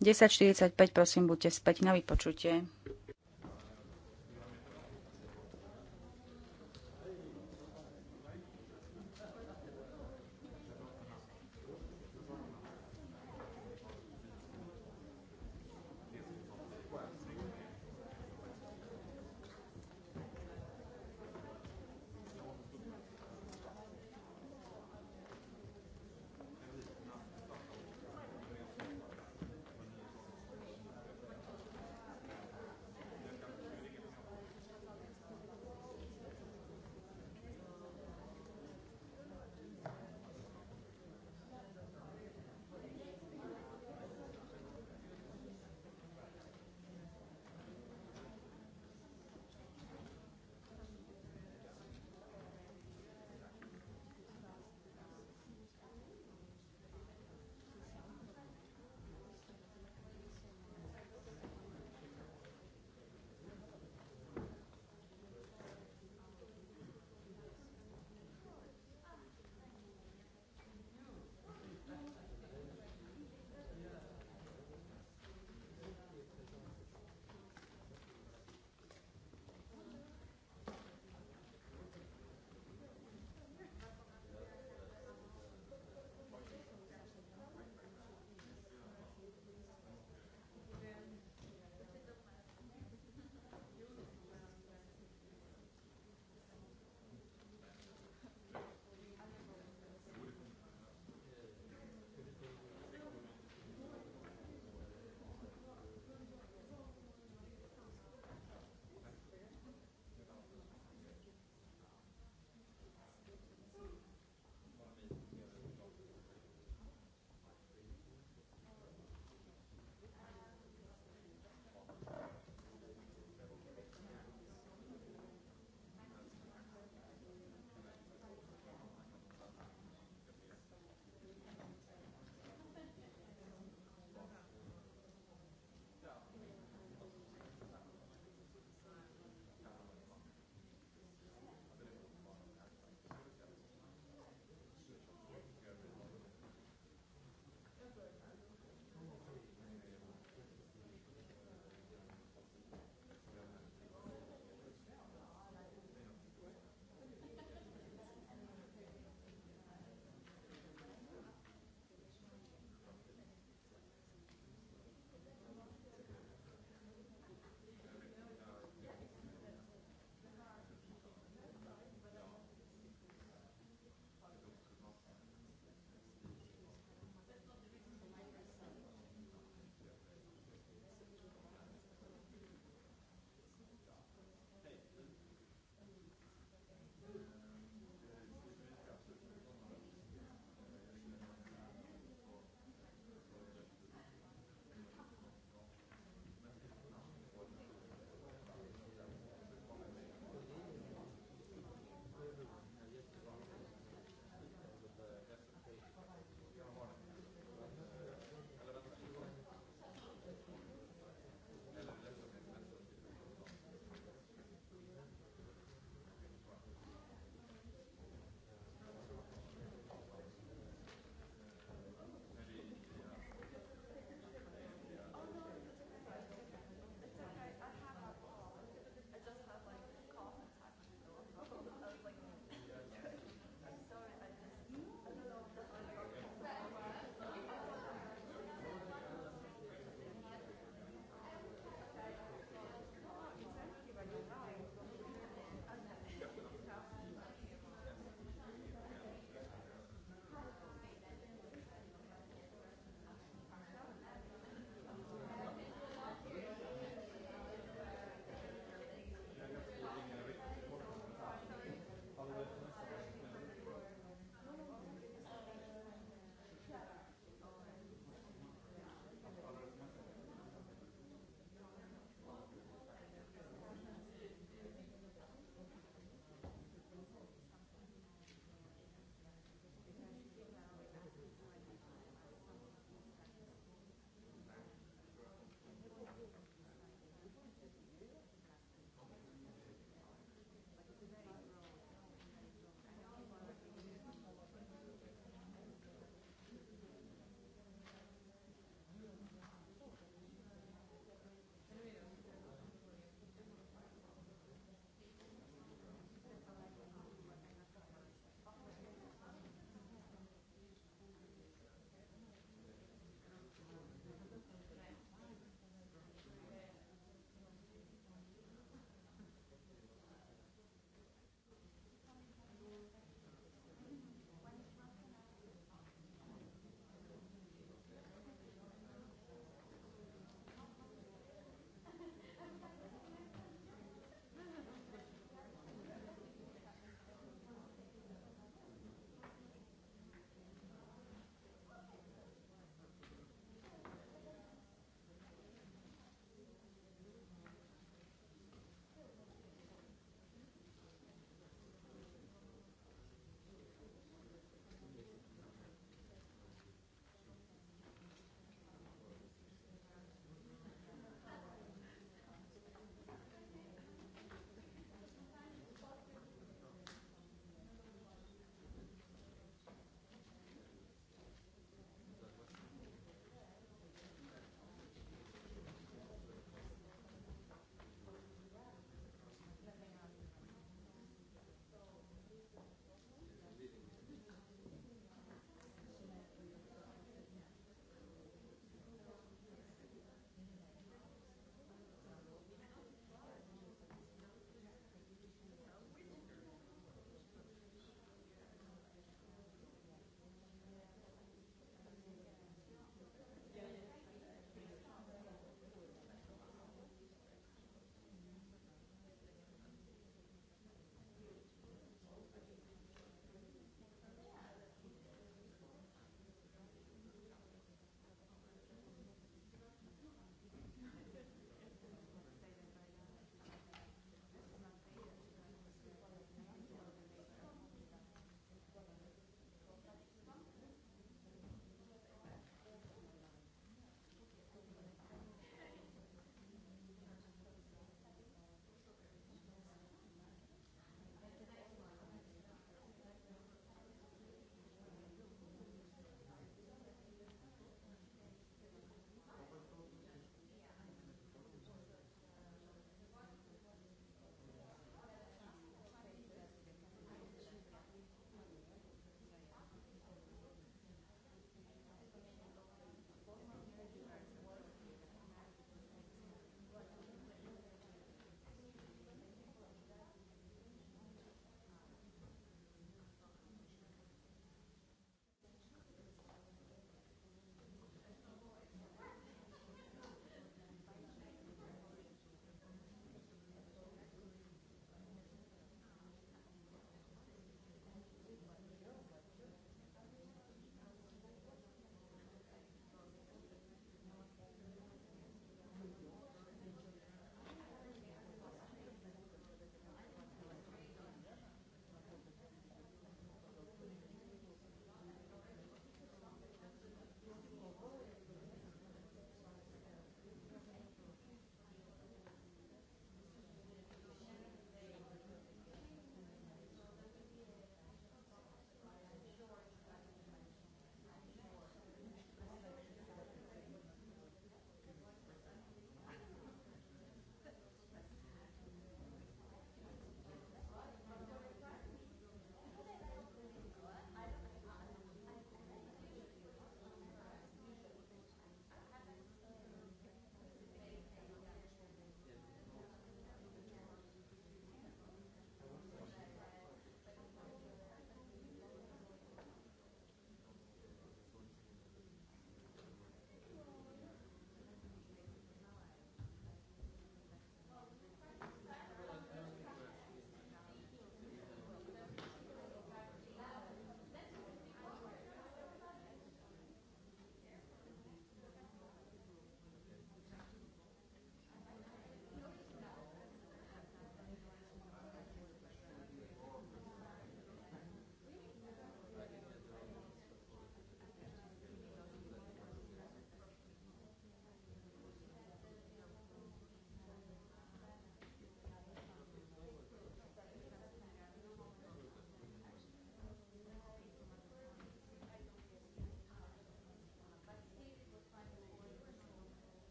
10.45, prosím, buďte späť na vypočutie.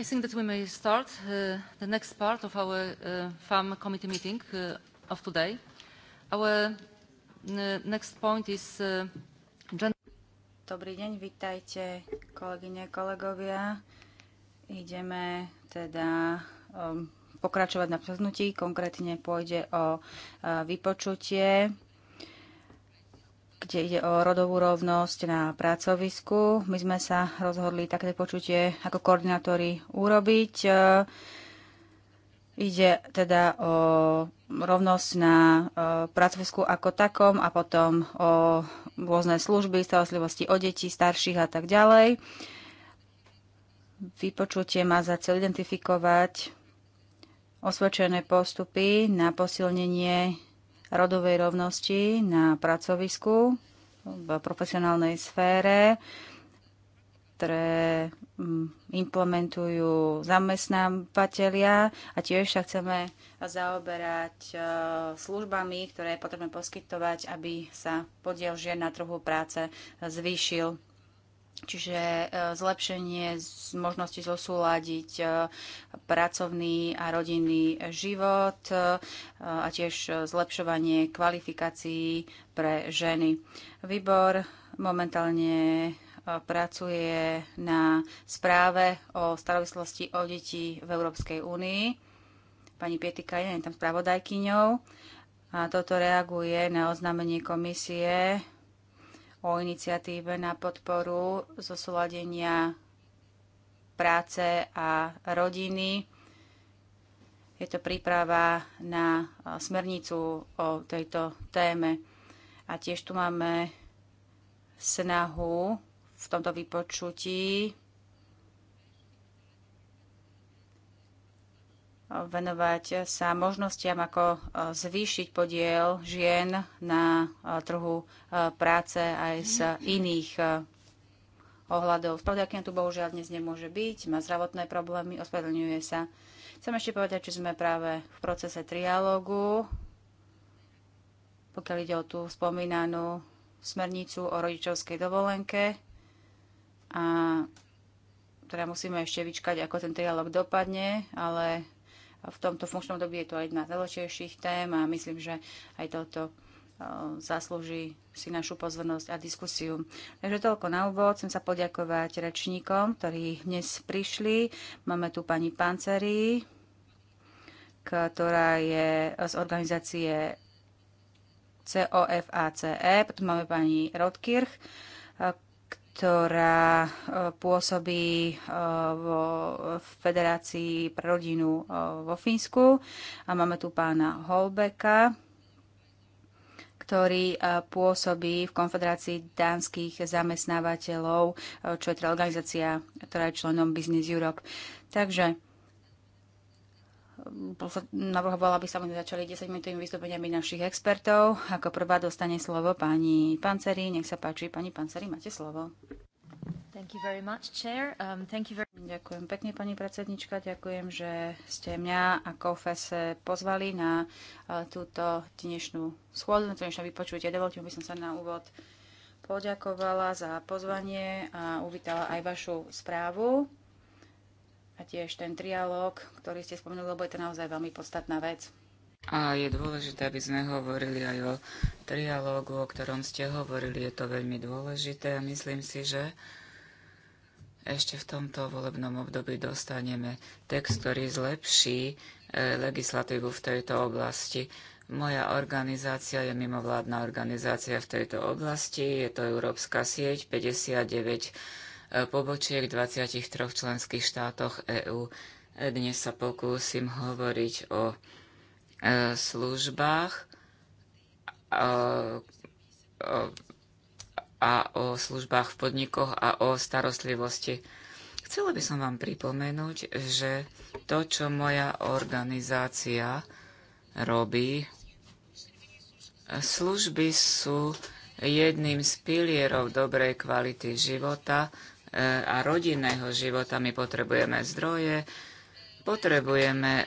I think that we may start uh, the next part of our uh, FAM committee meeting uh, of today. Our uh, next point is uh, gender... Dobrý deň, vitajte kolegyne, kolegovia. Ideme teda um, pokračovať na preznutí. Konkrétne pôjde o uh, vypočutie keď ide o rodovú rovnosť na pracovisku. My sme sa rozhodli takéto počutie ako koordinátori urobiť. E, ide teda o rovnosť na e, pracovisku ako takom a potom o rôzne služby, starostlivosti o deti, starších a tak ďalej. Vypočutie má za cel identifikovať osvedčené postupy na posilnenie rodovej rovnosti na pracovisku v profesionálnej sfére, ktoré mm, implementujú zamestnávateľia a tiež sa chceme zaoberať e, službami, ktoré je potrebné poskytovať, aby sa podiel žien na trhu práce zvýšil. Čiže e, zlepšenie možnosti zosúľadiť e, pracovný a rodinný život e, a tiež zlepšovanie kvalifikácií pre ženy. Výbor momentálne pracuje na správe o starovislosti o deti v Európskej únii. Pani Pietika je tam spravodajkyňou a toto reaguje na oznámenie komisie o iniciatíve na podporu zosúladenia práce a rodiny. Je to príprava na smernicu o tejto téme. A tiež tu máme snahu v tomto vypočutí venovať sa možnostiam, ako e, zvýšiť podiel žien na e, trhu e, práce aj z iných ohľadov. Spravodajkňa tu bohužiaľ dnes nemôže byť, má zdravotné problémy, ospravedlňuje sa. Chcem ešte povedať, že sme práve v procese trialógu, pokiaľ ide o tú spomínanú smernicu o rodičovskej dovolenke. A ktorá musíme ešte vyčkať, ako ten trialóg dopadne, ale v tomto funkčnom období je to aj jedna z najdôležitejších tém a myslím, že aj toto uh, zaslúži si našu pozornosť a diskusiu. Takže toľko na úvod. Chcem sa poďakovať rečníkom, ktorí dnes prišli. Máme tu pani Panceri, ktorá je z organizácie COFACE. Potom máme pani Rodkirch, ktorá e, pôsobí e, v Federácii pre rodinu e, vo Fínsku. A máme tu pána Holbeka, ktorý pôsobí v Konfederácii dánskych zamestnávateľov, čo je teda organizácia, ktorá je členom Business Europe. Takže navrhovala by sa mi začali 10-minútovými vystúpeniami našich expertov. Ako prvá dostane slovo pani Panceri. Nech sa páči, pani Panceri, máte slovo. Thank you very much, Chair. Um, thank you very... Ďakujem pekne, pani predsednička. Ďakujem, že ste mňa ako COFES pozvali na uh, túto dnešnú schôdzu, na to dnešné vypočutie. Dovolte, by som sa na úvod poďakovala za pozvanie a uvítala aj vašu správu a tiež ten trialóg, ktorý ste spomenuli, lebo je to naozaj veľmi podstatná vec. A je dôležité, aby sme hovorili aj o trialógu, o ktorom ste hovorili. Je to veľmi dôležité a myslím si, že ešte v tomto volebnom období dostaneme text, ktorý zlepší e, legislatívu v tejto oblasti. Moja organizácia je mimovládna organizácia v tejto oblasti. Je to Európska sieť 59 pobočiek v 23 členských štátoch EÚ. Dnes sa pokúsim hovoriť o e, službách a o službách v podnikoch a o starostlivosti. Chcela by som vám pripomenúť, že to, čo moja organizácia robí, služby sú jedným z pilierov dobrej kvality života E, a rodinného života. My potrebujeme zdroje, potrebujeme e,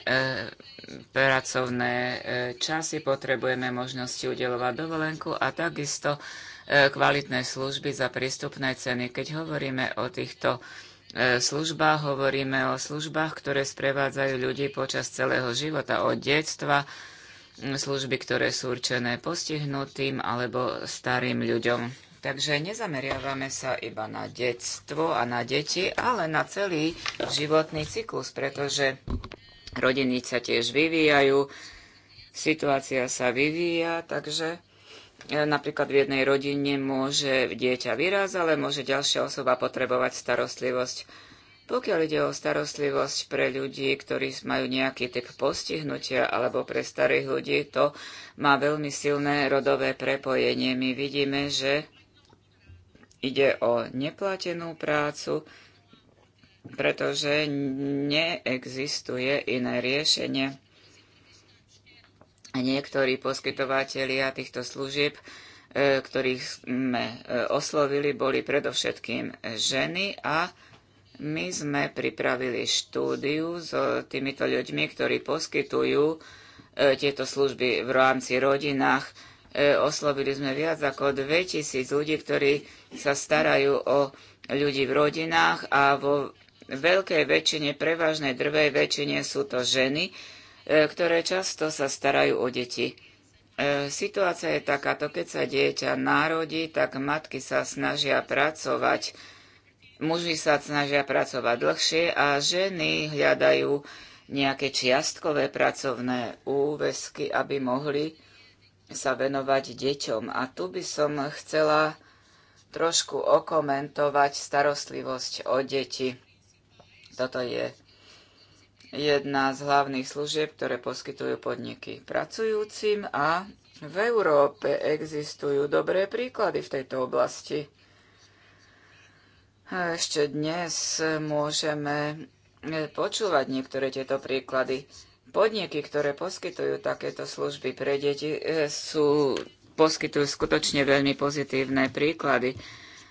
pracovné e, časy, potrebujeme možnosti udelovať dovolenku a takisto kvalitné služby za prístupné ceny. Keď hovoríme o týchto službách, hovoríme o službách, ktoré sprevádzajú ľudí počas celého života, od detstva, služby, ktoré sú určené postihnutým alebo starým ľuďom. Takže nezameriavame sa iba na detstvo a na deti, ale na celý životný cyklus, pretože rodiny sa tiež vyvíjajú, situácia sa vyvíja, takže e, napríklad v jednej rodine môže dieťa vyraz, ale môže ďalšia osoba potrebovať starostlivosť. Pokiaľ ide o starostlivosť pre ľudí, ktorí majú nejaký typ postihnutia alebo pre starých ľudí, to má veľmi silné rodové prepojenie. My vidíme, že Ide o neplatenú prácu, pretože neexistuje iné riešenie. Niektorí poskytovateľia týchto služieb, e, ktorých sme e, oslovili, boli predovšetkým ženy a my sme pripravili štúdiu s týmito ľuďmi, ktorí poskytujú e, tieto služby v rámci rodinách E, oslovili sme viac ako 2000 ľudí, ktorí sa starajú o ľudí v rodinách a vo veľkej väčšine, prevažnej drvej väčšine sú to ženy, e, ktoré často sa starajú o deti. E, situácia je takáto, keď sa dieťa narodí, tak matky sa snažia pracovať, muži sa snažia pracovať dlhšie a ženy hľadajú nejaké čiastkové pracovné úvesky, aby mohli sa venovať deťom. A tu by som chcela trošku okomentovať starostlivosť o deti. Toto je jedna z hlavných služieb, ktoré poskytujú podniky pracujúcim a v Európe existujú dobré príklady v tejto oblasti. Ešte dnes môžeme počúvať niektoré tieto príklady. Podniky, ktoré poskytujú takéto služby pre deti, e, sú, poskytujú skutočne veľmi pozitívne príklady.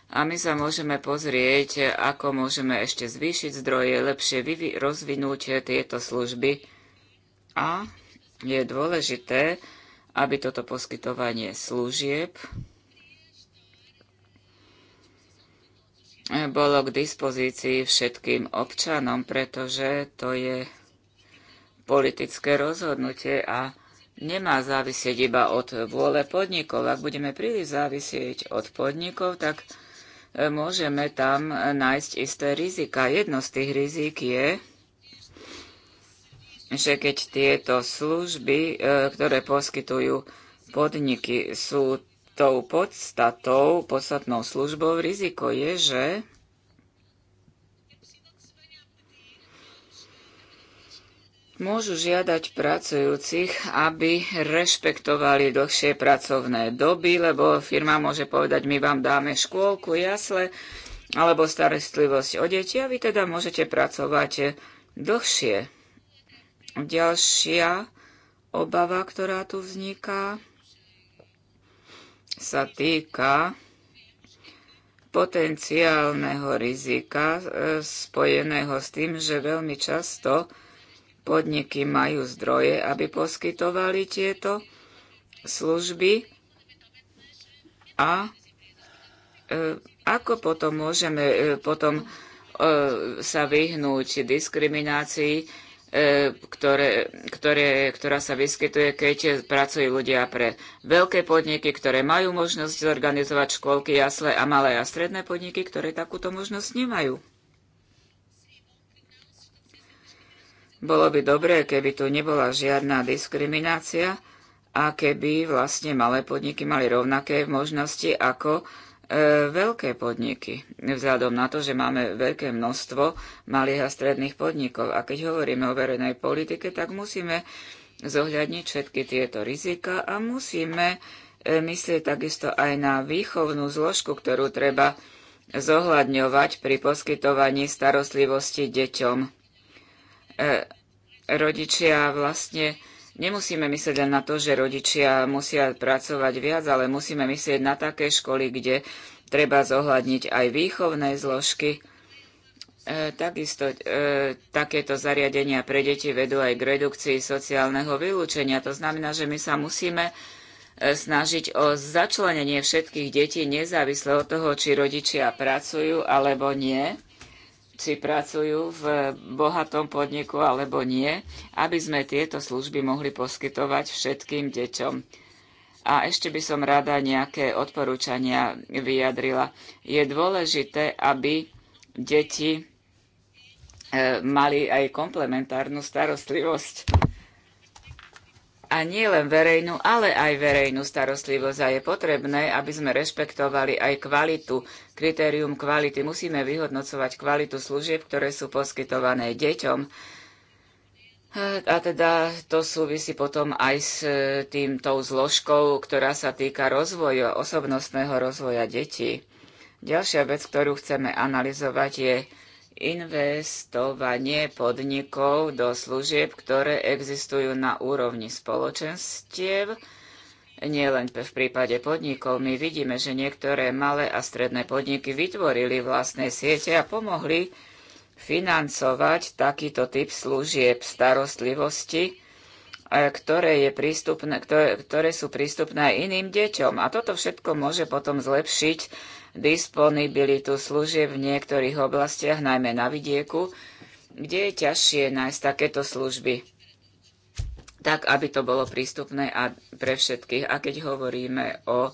A my sa môžeme pozrieť, ako môžeme ešte zvýšiť zdroje, lepšie rozvinúť tieto služby. A je dôležité, aby toto poskytovanie služieb bolo k dispozícii všetkým občanom, pretože to je politické rozhodnutie a nemá závisieť iba od vôle podnikov. Ak budeme príliš závisieť od podnikov, tak e, môžeme tam nájsť isté rizika. Jedno z tých rizik je, že keď tieto služby, e, ktoré poskytujú podniky, sú tou podstatou, podstatnou službou, riziko je, že môžu žiadať pracujúcich, aby rešpektovali dlhšie pracovné doby, lebo firma môže povedať, my vám dáme škôlku, jasle alebo starostlivosť o deti a vy teda môžete pracovať dlhšie. Ďalšia obava, ktorá tu vzniká, sa týka potenciálneho rizika e, spojeného s tým, že veľmi často Podniky majú zdroje, aby poskytovali tieto služby a e, ako potom môžeme e, potom e, sa vyhnúť diskriminácii, ktoré, ktoré, ktorá sa vyskytuje, keď pracujú ľudia pre veľké podniky, ktoré majú možnosť zorganizovať škôlky, jasle a malé a stredné podniky, ktoré takúto možnosť nemajú. Bolo by dobré, keby tu nebola žiadna diskriminácia a keby vlastne malé podniky mali rovnaké možnosti ako e, veľké podniky, vzhľadom na to, že máme veľké množstvo malých a stredných podnikov. A keď hovoríme o verejnej politike, tak musíme zohľadniť všetky tieto rizika a musíme e, myslieť takisto aj na výchovnú zložku, ktorú treba zohľadňovať pri poskytovaní starostlivosti deťom E, rodičia vlastne nemusíme myslieť len na to, že rodičia musia pracovať viac, ale musíme myslieť na také školy, kde treba zohľadniť aj výchovné zložky. E, takisto e, takéto zariadenia pre deti vedú aj k redukcii sociálneho vylúčenia. To znamená, že my sa musíme e, snažiť o začlenenie všetkých detí nezávisle od toho, či rodičia pracujú alebo nie či pracujú v bohatom podniku alebo nie, aby sme tieto služby mohli poskytovať všetkým deťom. A ešte by som rada nejaké odporúčania vyjadrila. Je dôležité, aby deti e, mali aj komplementárnu starostlivosť a nie len verejnú, ale aj verejnú starostlivosť. A je potrebné, aby sme rešpektovali aj kvalitu, kritérium kvality. Musíme vyhodnocovať kvalitu služieb, ktoré sú poskytované deťom. A teda to súvisí potom aj s e, týmto zložkou, ktorá sa týka rozvoja, osobnostného rozvoja detí. Ďalšia vec, ktorú chceme analyzovať, je investovanie podnikov do služieb, ktoré existujú na úrovni spoločenstiev, nielen v prípade podnikov, my vidíme, že niektoré malé a stredné podniky vytvorili vlastné siete a pomohli financovať takýto typ služieb starostlivosti, e, ktoré, je prístupné, ktoré, ktoré sú prístupné aj iným deťom. A toto všetko môže potom zlepšiť disponibilitu služieb v niektorých oblastiach, najmä na vidieku, kde je ťažšie nájsť takéto služby, tak aby to bolo prístupné a pre všetkých. A keď hovoríme o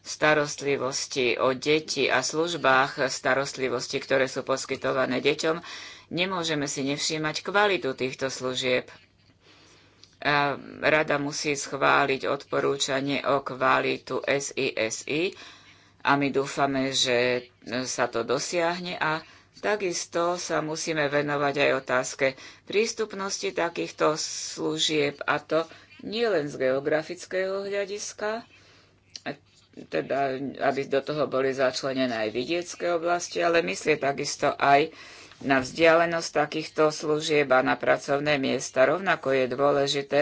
starostlivosti o deti a službách starostlivosti, ktoré sú poskytované deťom, nemôžeme si nevšímať kvalitu týchto služieb. Rada musí schváliť odporúčanie o kvalitu SISI a my dúfame, že sa to dosiahne a takisto sa musíme venovať aj otázke prístupnosti takýchto služieb a to nielen z geografického hľadiska, teda aby do toho boli začlenené aj vidiecké oblasti, ale myslie takisto aj na vzdialenosť takýchto služieb a na pracovné miesta. Rovnako je dôležité,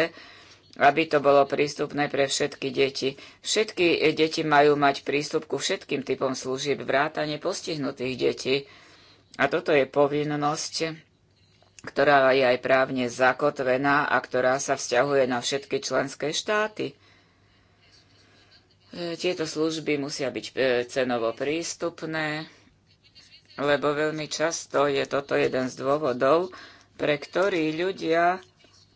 aby to bolo prístupné pre všetky deti. Všetky deti majú mať prístup ku všetkým typom služieb vrátane postihnutých detí. A toto je povinnosť, ktorá je aj právne zakotvená a ktorá sa vzťahuje na všetky členské štáty. E, tieto služby musia byť e, cenovo prístupné, lebo veľmi často je toto jeden z dôvodov, pre ktorý ľudia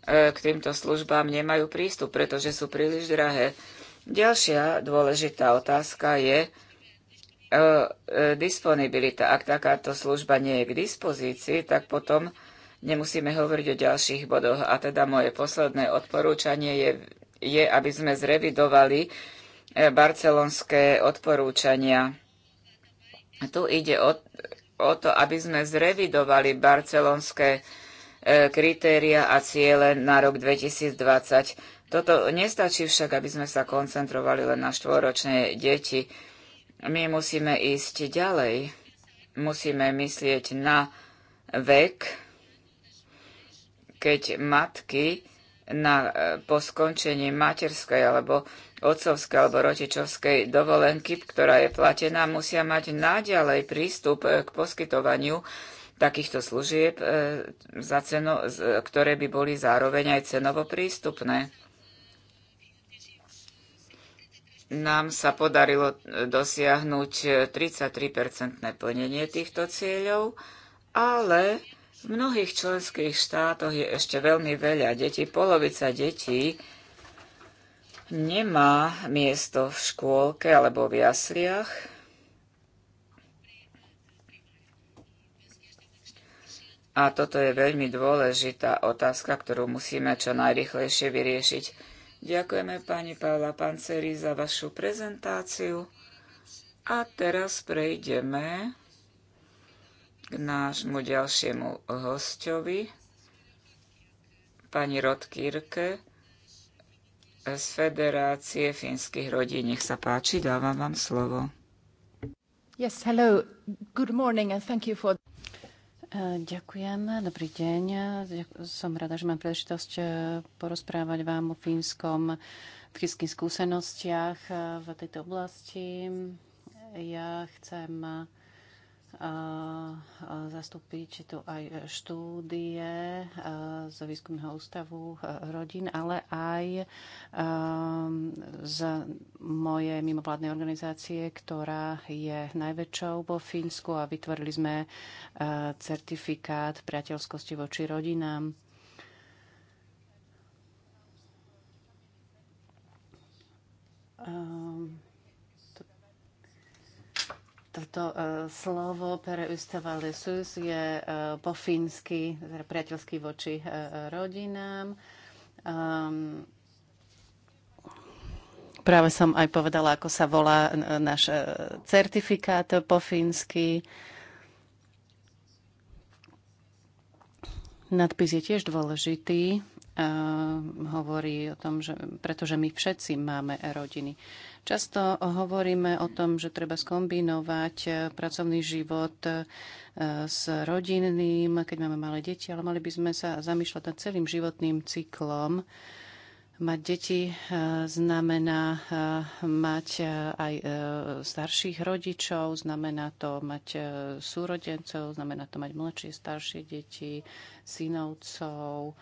E, k týmto službám nemajú prístup, pretože sú príliš drahé. Ďalšia dôležitá otázka je e, e, disponibilita. Ak takáto služba nie je k dispozícii, tak potom nemusíme hovoriť o ďalších bodoch. A teda moje posledné odporúčanie je, je aby sme zrevidovali barcelonské odporúčania. Tu ide o, o to, aby sme zrevidovali barcelonské odporúčania E, kritéria a ciele na rok 2020. Toto nestačí však, aby sme sa koncentrovali len na štvoročné deti. My musíme ísť ďalej. Musíme myslieť na vek, keď matky na, e, po skončení materskej alebo otcovskej alebo rodičovskej dovolenky, ktorá je platená, musia mať naďalej prístup e, k poskytovaniu takýchto služieb, e, za cenu, e, ktoré by boli zároveň aj cenovo prístupné. Nám sa podarilo e, dosiahnuť 33-percentné plnenie týchto cieľov, ale v mnohých členských štátoch je ešte veľmi veľa detí. Polovica detí nemá miesto v škôlke alebo v jasliach A toto je veľmi dôležitá otázka, ktorú musíme čo najrychlejšie vyriešiť. Ďakujeme pani Paula Panceri za vašu prezentáciu. A teraz prejdeme k nášmu ďalšiemu hostovi, pani Rodkirke z Federácie fínskych rodín. Nech sa páči, dávam vám slovo. Yes, hello. Good morning and thank you for... Eh, ďakujem. Dobrý deň. Som rada, že mám príležitosť eh, porozprávať vám o fínskom fínskych skúsenostiach eh, v tejto oblasti. Ja chcem zastúpiť tu aj štúdie z výskumného ústavu rodín, ale aj z mojej mimovládnej organizácie, ktorá je najväčšou vo Fínsku a vytvorili sme certifikát priateľskosti voči rodinám. Um, toto e, slovo pre ustavale sus je e, po fínsky, teda priateľský voči e, rodinám. Um, práve som aj povedala, ako sa volá náš certifikát po fínsky. Nadpis je tiež dôležitý. Ehm, hovorí o tom, že, pretože my všetci máme rodiny. Často hovoríme o tom, že treba skombinovať eh, pracovný život eh, s rodinným, keď máme malé deti, ale mali by sme sa zamýšľať nad celým životným cyklom mať deti eh, znamená eh, mať eh, aj starších rodičov, znamená to mať súrodencov, znamená to mať mladšie, staršie deti, synovcov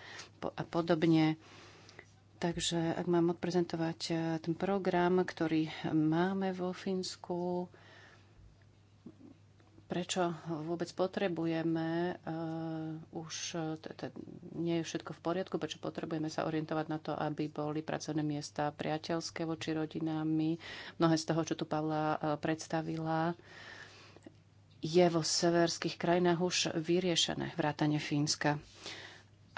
a podobne. Takže ak mám odprezentovať ten program, ktorý máme vo Fínsku, prečo vôbec potrebujeme, uh, už nie je všetko v poriadku, prečo potrebujeme sa orientovať na to, aby boli pracovné miesta priateľské voči rodinami. Mnohé z toho, čo tu Pavla uh, predstavila, je vo severských krajinách už vyriešené, vrátane Fínska.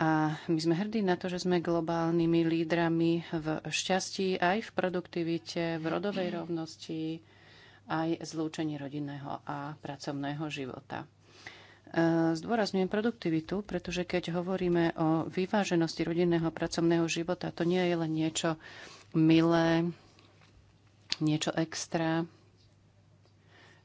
A my sme hrdí na to, že sme globálnymi lídrami v šťastí, aj v produktivite, v rodovej rovnosti, aj zlúčenie rodinného a pracovného života. E, zdôrazňujem produktivitu, pretože keď hovoríme o vyváženosti rodinného a pracovného života, to nie je len niečo milé, niečo extra,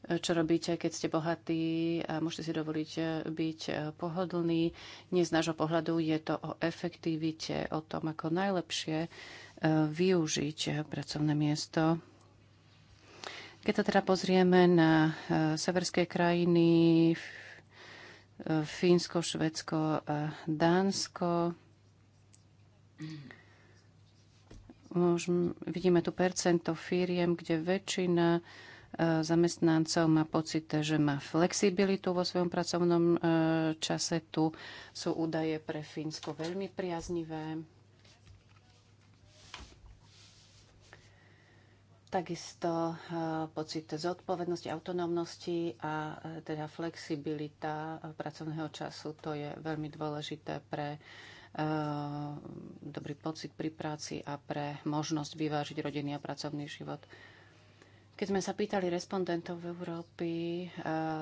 čo robíte, keď ste bohatí a môžete si dovoliť e, byť e, pohodlní. Nie z nášho pohľadu je to o efektivite, o tom, ako najlepšie využiť pracovné miesto keď sa teda pozrieme na e, severské krajiny, e, Fínsko, Švedsko a Dánsko, Môžem, vidíme tu percento firiem, kde väčšina e, zamestnancov má pocit, že má flexibilitu vo svojom pracovnom čase. Tu sú údaje pre Fínsko veľmi priaznivé. Takisto eh, pocit zodpovednosti, autonómnosti a eh, teda flexibilita eh, pracovného času, to je veľmi dôležité pre dobrý pocit pri práci a pre možnosť vyvážiť rodinný a pracovný život. Keď sme sa pýtali respondentov v Európy,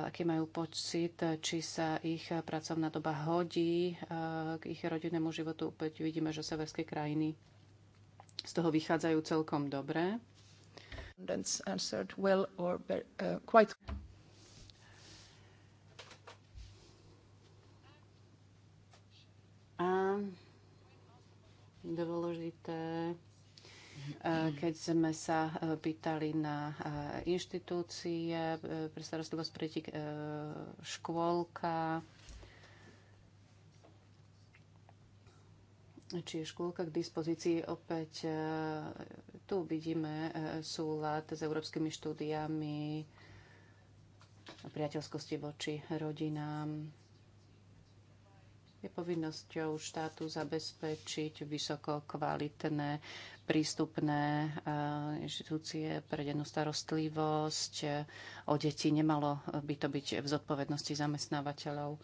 aký majú pocit, či sa ich pracovná doba hodí k ich rodinnému životu, opäť vidíme, že severské krajiny z toho vychádzajú celkom dobre respondents answered Well or, uh, quite... A dôležité eh, keď sme sa eh, pýtali na eh, inštitúcie pre starostlivosť pre škôlka, či je škôlka k dispozícii. Opäť e, tu vidíme e, súlad s európskymi štúdiami priateľskosti voči rodinám. Je povinnosťou štátu zabezpečiť vysoko kvalitné, prístupné e, inštitúcie pre dennú starostlivosť o deti. Nemalo by to byť v zodpovednosti zamestnávateľov.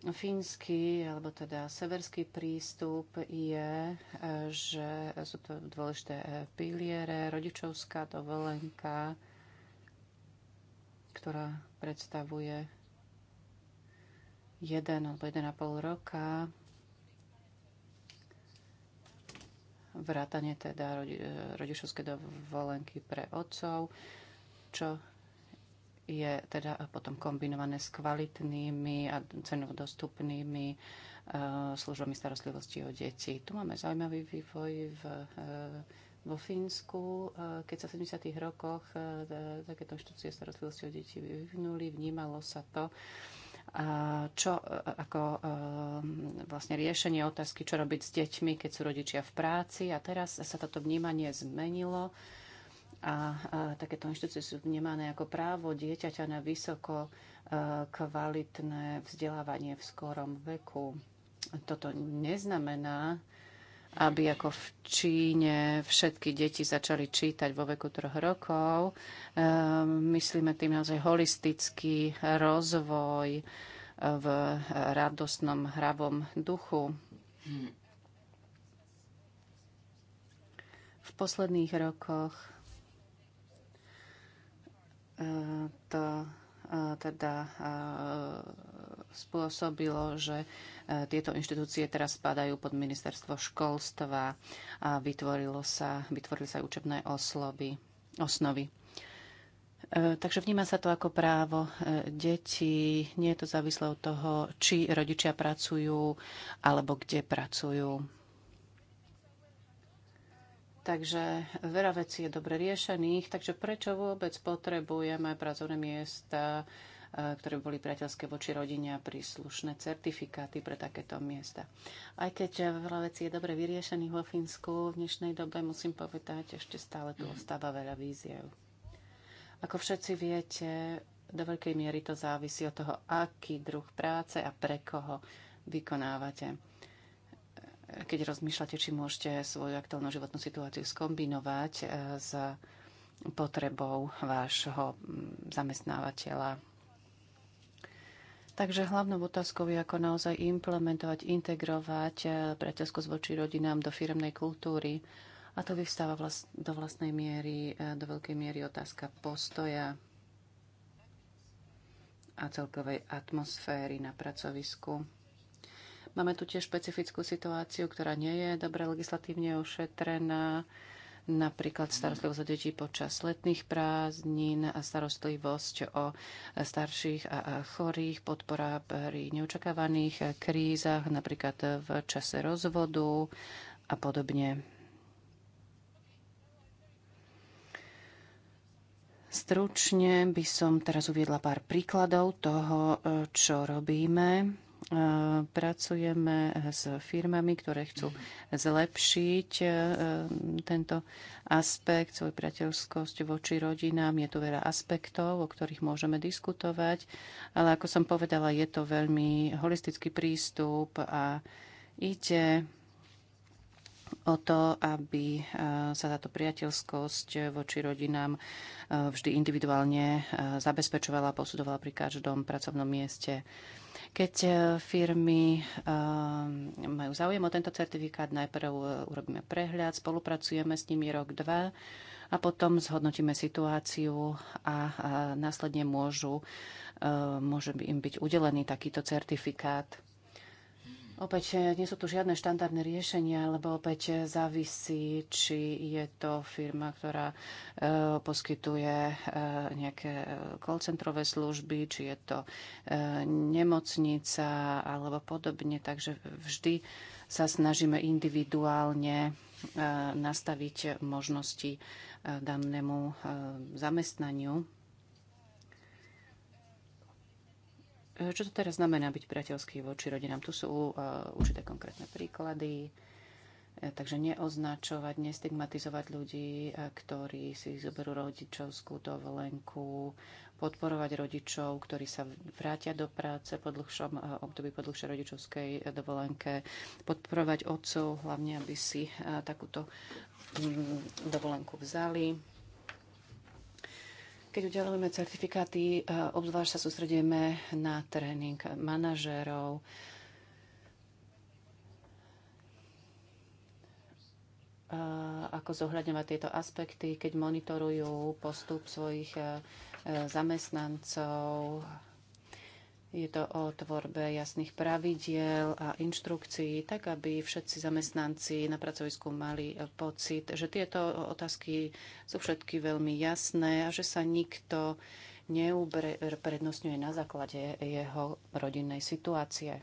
Fínsky, alebo teda severský prístup je, eh, že sú to dôležité eh, piliere, rodičovská dovolenka, ktorá predstavuje jeden alebo 1,5 roka, Vrátanie teda eh, rodičovské dovolenky pre otcov, čo je teda potom kombinované s kvalitnými a cenovo dostupnými e, službami starostlivosti o deti. Tu máme zaujímavý vývoj v, e, vo Fínsku, e, keď sa v 70. rokoch takéto inštitúcie starostlivosti o deti vyvinuli, vnímalo sa to čo ako vlastne riešenie otázky, čo robiť s deťmi, keď sú rodičia v práci. A teraz sa toto vnímanie zmenilo a, takéto inštitúcie sú vnímané ako právo dieťaťa na vysoko e, kvalitné vzdelávanie v skorom veku. Toto neznamená, aby ako v Číne všetky deti začali čítať vo veku troch rokov. E, myslíme tým naozaj holistický rozvoj v radostnom hravom duchu. V posledných rokoch to e, teda e, spôsobilo, že e, tieto inštitúcie teraz spadajú pod ministerstvo školstva a vytvorilo sa, vytvorili sa aj učebné osloby, osnovy. Takže vníma sa to ako právo detí. Nie je to závislé od toho, či rodičia pracujú alebo kde pracujú. Takže veľa vecí je dobre riešených, takže prečo vôbec potrebujeme pracovné miesta, e, ktoré boli priateľské voči rodine a príslušné certifikáty pre takéto miesta. Aj keď veľa vecí je dobre vyriešených vo Fínsku, v dnešnej dobe musím povedať, ešte stále tu ostáva veľa víziev. Ako všetci viete, do veľkej miery to závisí od toho, aký druh práce a pre koho vykonávate keď rozmýšľate, či môžete svoju aktuálnu životnú situáciu skombinovať eh, s potrebou vášho mm, zamestnávateľa. Takže hlavnou otázkou je, ako naozaj implementovať, integrovať eh, priateľskosť voči rodinám do firmnej kultúry. A to vyvstáva vlast, do vlastnej miery, eh, do veľkej miery otázka postoja a celkovej atmosféry na pracovisku. Máme tu tiež špecifickú situáciu, ktorá nie je dobre legislatívne ošetrená, napríklad starostlivosť o deti počas letných prázdnin a starostlivosť o starších a chorých, podpora pri neočakávaných krízach, napríklad v čase rozvodu a podobne. Stručne by som teraz uviedla pár príkladov toho, čo robíme. E, pracujeme s firmami, ktoré chcú zlepšiť e, tento aspekt, svoju priateľskosť voči rodinám. Je tu veľa aspektov, o ktorých môžeme diskutovať, ale ako som povedala, je to veľmi holistický prístup a ide o to, aby e, sa táto priateľskosť voči rodinám vždy individuálne zabezpečovala a posudovala pri každom pracovnom mieste. Keď e, firmy e, majú záujem o tento certifikát, najprv e, urobíme prehľad, spolupracujeme s nimi rok, dva a potom zhodnotíme situáciu a, následne môžu, môže im byť udelený takýto certifikát. Opäť eh, nie sú tu žiadne štandardné riešenia, lebo opäť eh, závisí, či je to firma, ktorá eh, poskytuje nejaké kolcentrové služby, či je to nemocnica alebo podobne. Takže vždy sa snažíme individuálne nastaviť možnosti danému zamestnaniu E, čo to teraz znamená byť priateľský voči rodinám? Tu sú e, určité konkrétne príklady. E, takže neoznačovať, nestigmatizovať ľudí, ktorí si zoberú rodičovskú dovolenku, podporovať rodičov, ktorí sa vrátia do práce po dlhšom období, po dlhšej rodičovskej dovolenke, podporovať otcov, hlavne aby si takúto mm, dovolenku vzali keď udelujeme certifikáty, eh, obzvlášť sa sústredíme na tréning manažérov, eh, ako zohľadňovať tieto aspekty, keď monitorujú postup svojich eh, zamestnancov, je to o tvorbe jasných pravidiel a inštrukcií, tak aby všetci zamestnanci na pracovisku mali pocit, že tieto otázky sú všetky veľmi jasné a že sa nikto neuprednostňuje na základe jeho rodinnej situácie.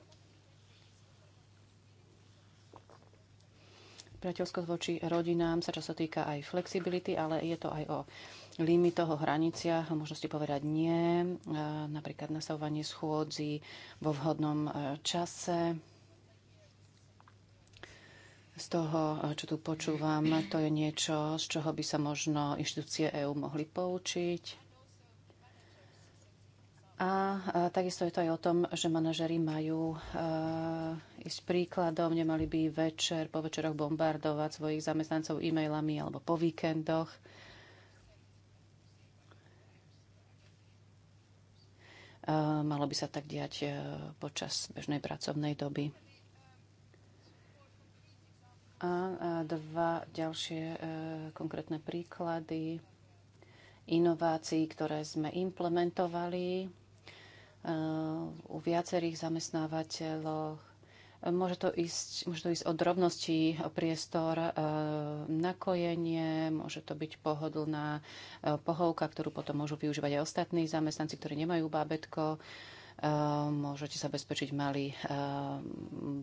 Priateľskosť voči rodinám sa často týka aj flexibility, ale je to aj o limitoch, o hraniciach, o možnosti povedať nie, e, napríklad nastavovanie schôdzi vo vhodnom e, čase. Z toho, e, čo tu počúvam, to je niečo, z čoho by sa možno inštitúcie EÚ mohli poučiť. A, a takisto je to aj o tom, že manažery majú e, ísť príkladom, nemali by večer, po večeroch bombardovať svojich zamestnancov e-mailami alebo po víkendoch. E, Malo by sa tak diať e, počas bežnej pracovnej doby. A dva ďalšie e, konkrétne príklady inovácií, ktoré sme implementovali e, u viacerých zamestnávateľov Môže to ísť, môže to ísť od drobnosti, o priestor e, na kojenie, môže to byť pohodlná e, pohovka, ktorú potom môžu využívať aj ostatní zamestnanci, ktorí nemajú bábetko. E, môžete zabezpečiť malý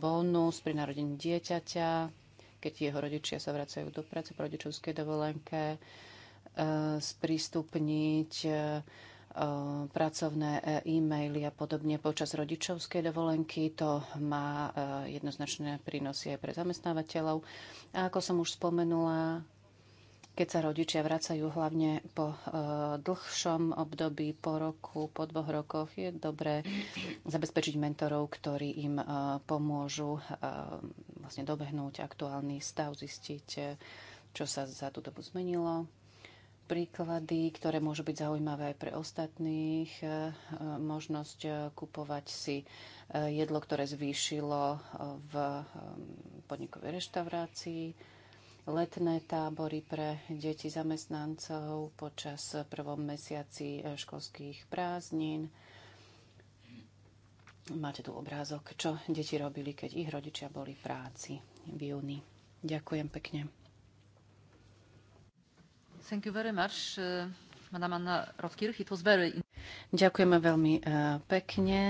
bonus pri narodení dieťaťa, keď jeho rodičia sa vracajú do práce po rodičovskej dovolenke, sprístupniť Eh, pracovné e-maily a podobne počas rodičovskej dovolenky. To má eh, jednoznačné prínosy aj pre zamestnávateľov. A ako som už spomenula, keď sa rodičia vracajú hlavne po eh, dlhšom období, po roku, po dvoch rokoch, je dobré zabezpečiť mentorov, ktorí im pomôžu vlastne dobehnúť aktuálny stav, zistiť, čo sa za tú dobu zmenilo príklady, ktoré môžu byť zaujímavé aj pre ostatných. E, možnosť e, kupovať si e, jedlo, ktoré zvýšilo v podnikovej reštaurácii, letné tábory pre deti zamestnancov počas prvom mesiaci školských prázdnin. Máte tu obrázok, čo deti robili, keď ich rodičia boli v práci v júni. Ďakujem pekne. Uh, Ďakujeme veľmi uh, pekne.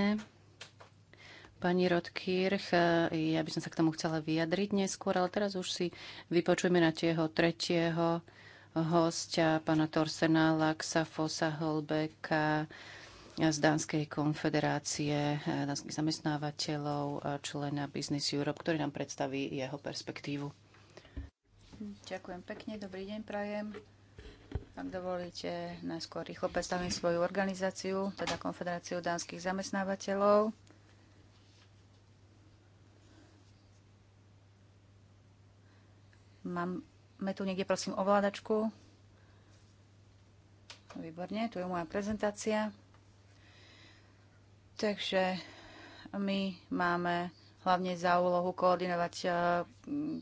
Pani Rodkirch, uh, ja by som sa k tomu chcela vyjadriť neskôr, ale teraz už si vypočujeme na tieho tretieho hostia, pána Torsena Laksa Fosa Holbeka z Dánskej konfederácie dánskych zamestnávateľov, člena Business Europe, ktorý nám predstaví jeho perspektívu. Ďakujem pekne, dobrý deň prajem. Ak dovolíte, najskôr rýchlo predstavím svoju organizáciu, teda Konfederáciu dánskych zamestnávateľov. Máme tu niekde, prosím, ovládačku. Výborne, tu je moja prezentácia. Takže my máme hlavne za úlohu koordinovať e,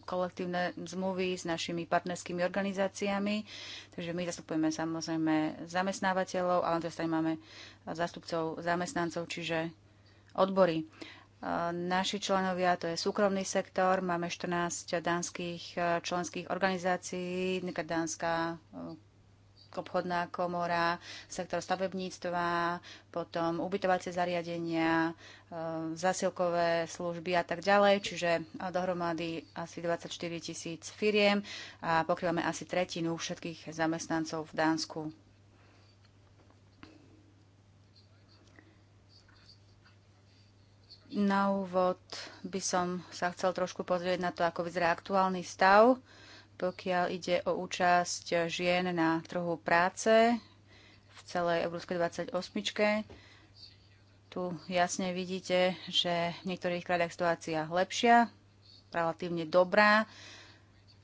kolektívne zmluvy s našimi partnerskými organizáciami. Takže my zastupujeme samozrejme zamestnávateľov, ale teraz máme zástupcov zamestnancov, čiže odbory. E, naši členovia, to je súkromný sektor, máme 14 dánskych e, členských organizácií, dánska obchodná komora, sektor stavebníctva, potom ubytovacie zariadenia, eh, zasilkové služby a tak ďalej, čiže eh, dohromady asi 24 tisíc firiem a pokrývame asi tretinu všetkých zamestnancov v Dánsku. Na úvod by som sa chcel trošku pozrieť na to, ako vyzerá aktuálny stav pokiaľ ide o účasť žien na trhu práce v celej Európskej 28. Tu jasne vidíte, že v niektorých krajinách situácia lepšia, relatívne dobrá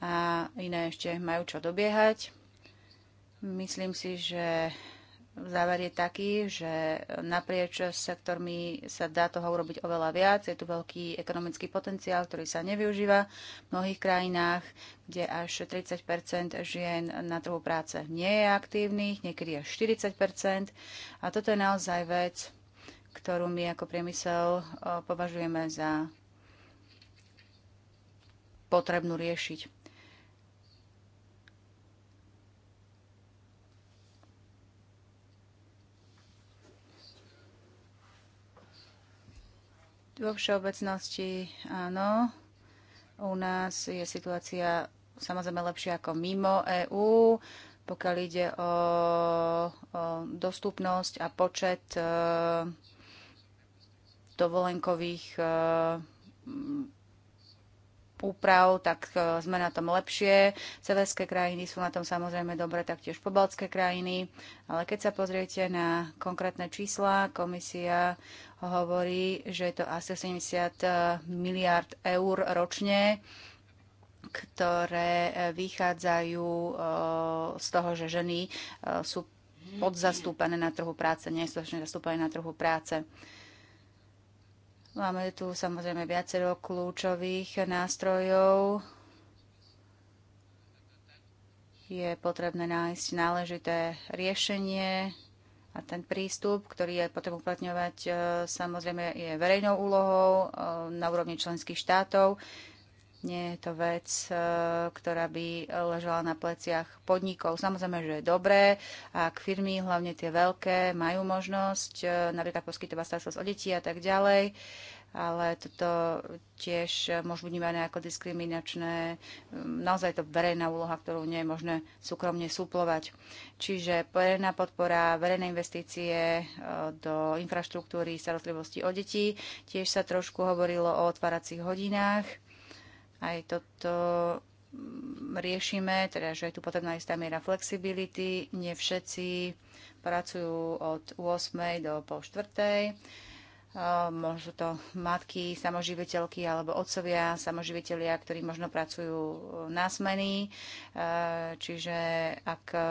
a iné ešte majú čo dobiehať. Myslím si, že Záver je taký, že naprieč sektormi sa dá toho urobiť oveľa viac. Je tu veľký ekonomický potenciál, ktorý sa nevyužíva v mnohých krajinách, kde až 30 žien na trhu práce nie je aktívnych, niekedy až 40 A toto je naozaj vec, ktorú my ako priemysel považujeme za potrebnú riešiť. Vo všeobecnosti áno, u nás je situácia samozrejme lepšia ako mimo EÚ, pokiaľ ide o, o dostupnosť a počet e, dovolenkových e, úprav, tak e, sme na tom lepšie. Severské krajiny sú na tom samozrejme dobre, taktiež pobaltské krajiny. Ale keď sa pozriete na konkrétne čísla, komisia hovorí, že je to asi 70 e, miliard eur ročne, ktoré e, vychádzajú z toho, že ženy sú podzastúpené na trhu práce, nie sú zastúpené na trhu práce. Máme tu samozrejme viacero kľúčových nástrojov. Je potrebné nájsť náležité riešenie a ten prístup, ktorý je potrebné uplatňovať, e, samozrejme je verejnou úlohou e, na úrovni členských štátov. Nie je to vec, e, ktorá by ležala na pleciach podnikov. Samozrejme, že je dobré, ak firmy, hlavne tie veľké, majú možnosť e, napríklad poskytovať starostlivosť o deti a tak ďalej, ale toto tiež môžu byť vnímané ako diskriminačné. Mm, naozaj to verejná úloha, ktorú nie je možné súkromne súplovať. Čiže verejná podpora, verejné investície e, do infraštruktúry starostlivosti o deti. Tiež sa trošku hovorilo o otváracích hodinách aj toto mm, riešime, teda, že je tu potrebná istá miera flexibility. Nie všetci pracujú od 8. do pol 4. Možno to matky, samoživiteľky alebo otcovia, samoživiteľia, ktorí možno pracujú na smeny. E, čiže ak e,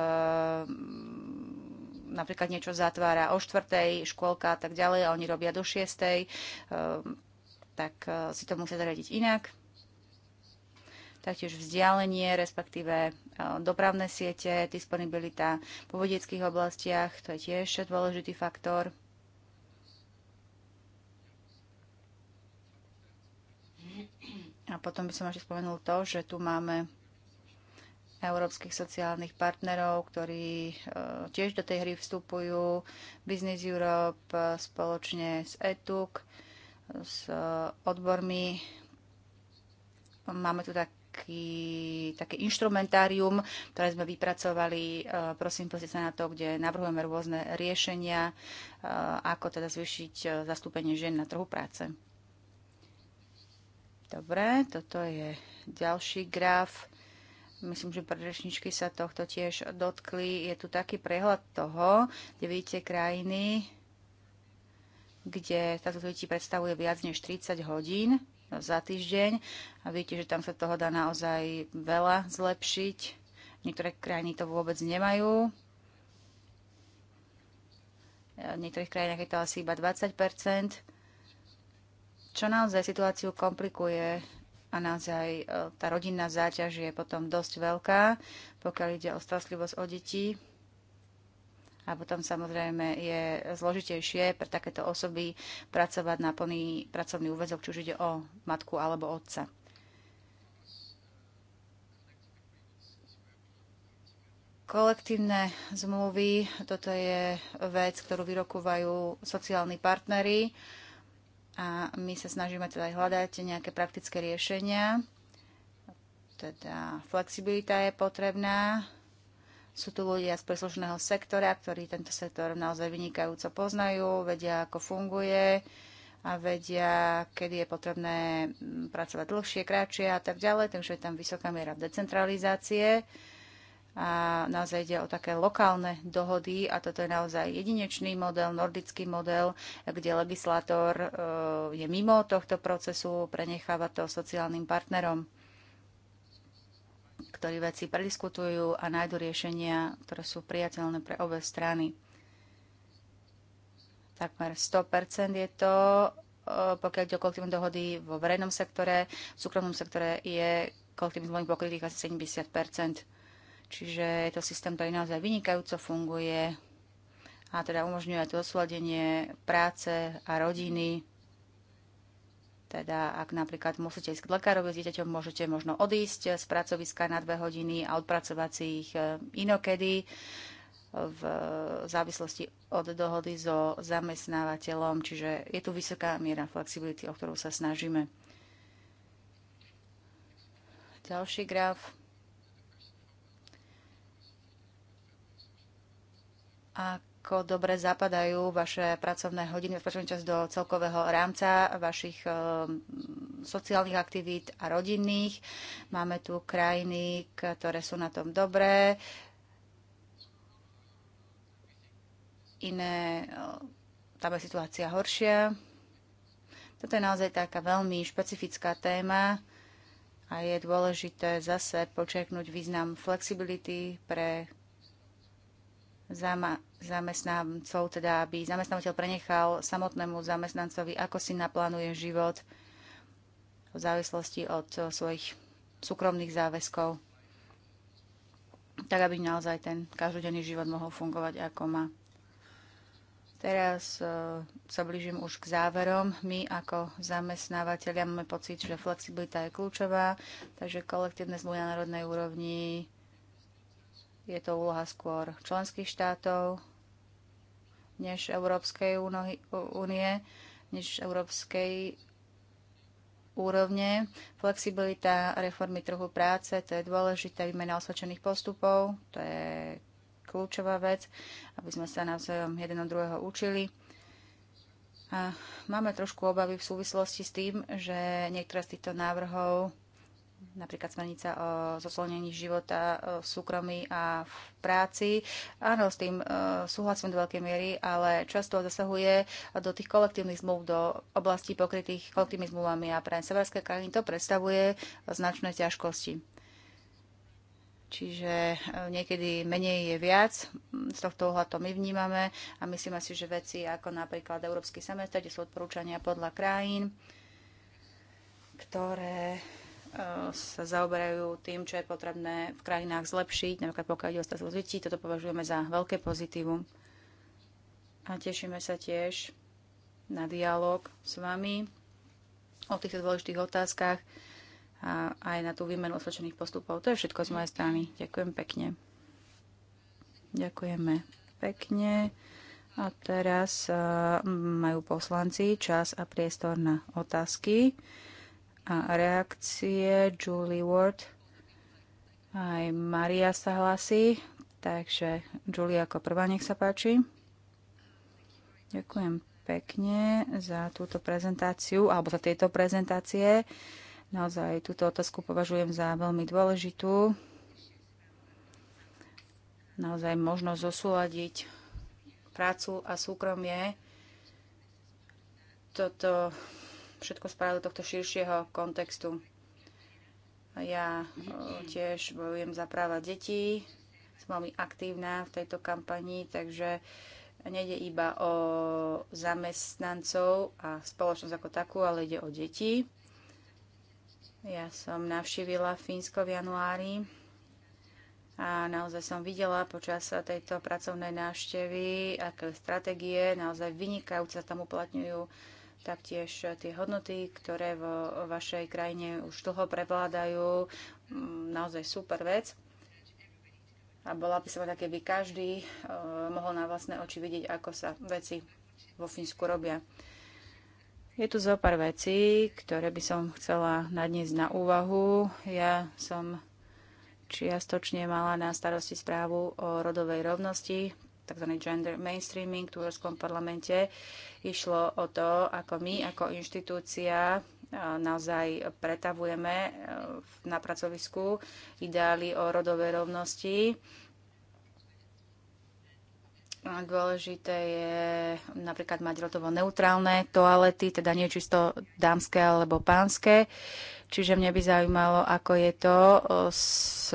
mm, napríklad niečo zatvára o 4. škôlka a tak ďalej, a oni robia do 6. E, tak si to musia zariadiť inak taktiež vzdialenie, respektíve e, dopravné siete, disponibilita po vedeckých oblastiach, to je tiež dôležitý faktor. A potom by som ešte spomenul to, že tu máme európskych sociálnych partnerov, ktorí e, tiež do tej hry vstupujú, Business Europe e, spoločne s ETUK, s odbormi. Máme tu tak taký, také inštrumentárium, ktoré sme vypracovali. E, prosím, pozrite sa na to, kde navrhujeme rôzne riešenia, e, ako teda zvýšiť e, zastúpenie žien na trhu práce. Dobre, toto je ďalší graf. Myslím, že predrečničky sa tohto tiež dotkli. Je tu taký prehľad toho, kde vidíte krajiny, kde táto ľudí predstavuje viac než 30 hodín za týždeň. A vidíte, že tam sa toho dá naozaj veľa zlepšiť. Niektoré krajiny to vôbec nemajú. V niektorých krajinách je to asi iba 20 čo naozaj situáciu komplikuje a naozaj e, tá rodinná záťaž je potom dosť veľká, pokiaľ ide o starostlivosť o deti a potom samozrejme je zložitejšie pre takéto osoby pracovať na plný pracovný úvezok, či už ide o matku alebo otca. Kolektívne zmluvy, toto je vec, ktorú vyrokovajú sociálni partnery a my sa snažíme teda aj hľadať nejaké praktické riešenia. Teda flexibilita je potrebná, sú tu ľudia z príslušného sektora, ktorí tento sektor naozaj vynikajúco poznajú, vedia, ako funguje a vedia, kedy je potrebné mm, pracovať dlhšie, kratšie a tak ďalej, takže je tam vysoká miera decentralizácie a naozaj ide o také lokálne dohody a toto je naozaj jedinečný model, nordický model, kde legislátor e, je mimo tohto procesu, prenecháva to sociálnym partnerom ktorí veci prediskutujú a nájdu riešenia, ktoré sú priateľné pre obe strany. Takmer 100% je to, e, pokiaľ ide o kolektívne dohody vo verejnom sektore, v súkromnom sektore je kolektívnych zmluvných pokrytých asi 70%. Čiže je to systém, ktorý naozaj vynikajúco funguje a teda umožňuje to osladenie práce a rodiny teda ak napríklad musíte ísť k lekárovi s dieťaťom, môžete možno odísť z pracoviska na dve hodiny a odpracovať si ich e, inokedy e, v závislosti od dohody so zamestnávateľom, čiže je tu vysoká miera flexibility, o ktorú sa snažíme. Ďalší graf. Ak ako dobre zapadajú vaše pracovné hodiny, váš pracovný čas do celkového rámca vašich eh, sociálnych aktivít a rodinných. Máme tu krajiny, ktoré sú na tom dobré, iné, eh, tam je situácia horšia. Toto je naozaj taká veľmi špecifická téma a je dôležité zase počerknúť význam flexibility pre zamestnancov, teda aby zamestnávateľ prenechal samotnému zamestnancovi, ako si naplánuje život v závislosti od eh, svojich súkromných záväzkov, tak aby naozaj ten každodenný život mohol fungovať ako má. Teraz uh, sa blížim už k záverom. My ako zamestnávateľia máme pocit, že flexibilita je kľúčová, takže kolektívne zmluvy na národnej úrovni je to úloha skôr členských štátov než Európskej únie, než Európskej úrovne. Flexibilita reformy trhu práce, to je dôležité, výmena osvedčených postupov, to je kľúčová vec, aby sme sa navzájom jeden od druhého učili. A máme trošku obavy v súvislosti s tým, že niektoré z týchto návrhov napríklad smernica o zosolnení života e, v súkromí a v práci. Áno, s tým e, súhlasím do veľkej miery, ale často zasahuje do tých kolektívnych zmluv, do oblastí pokrytých kolektívnymi zmluvami a pre severské krajiny to predstavuje značné ťažkosti. Čiže e, niekedy menej je viac, z tohto uhla to my vnímame a myslíme si, že veci ako napríklad Európsky semestr, kde sú odporúčania podľa krajín, ktoré sa zaoberajú tým, čo je potrebné v krajinách zlepšiť, napríklad pokiaľ ide o stav detí, toto považujeme za veľké pozitívum. A tešíme sa tiež na dialog s vami o týchto dôležitých otázkach a aj na tú výmenu osvedčených postupov. To je všetko z mojej strany. Ďakujem pekne. Ďakujeme pekne. A teraz eh, majú poslanci čas a priestor na otázky a reakcie. Julie Ward aj Maria sa hlasí. Takže Julie ako prvá, nech sa páči. Ďakujem pekne za túto prezentáciu, alebo za tieto prezentácie. Naozaj túto otázku považujem za veľmi dôležitú. Naozaj možno zosúľadiť prácu a súkromie. Toto všetko spája do tohto širšieho kontextu. Ja e, tiež bojujem za práva detí, som veľmi aktívna v tejto kampani, takže nejde iba o zamestnancov a spoločnosť ako takú, ale ide o deti. Ja som navštívila Fínsko v januári a naozaj som videla počas tejto pracovnej návštevy, aké stratégie naozaj vynikajúce tam uplatňujú taktiež tie hodnoty, ktoré vo vašej krajine už dlho prevládajú, mm, naozaj super vec. A bola by som tak, keby každý e, mohol na vlastné oči vidieť, ako sa veci vo Fínsku robia. Je tu zo pár vecí, ktoré by som chcela nadniesť na úvahu. Ja som čiastočne mala na starosti správu o rodovej rovnosti tzv. gender mainstreaming v Európskom parlamente. Išlo o to, ako my, ako inštitúcia, naozaj pretavujeme na pracovisku ideály o rodovej rovnosti. Dôležité je napríklad mať rodovo neutrálne toalety, teda nie čisto dámske alebo pánske. Čiže mňa by zaujímalo, ako je to s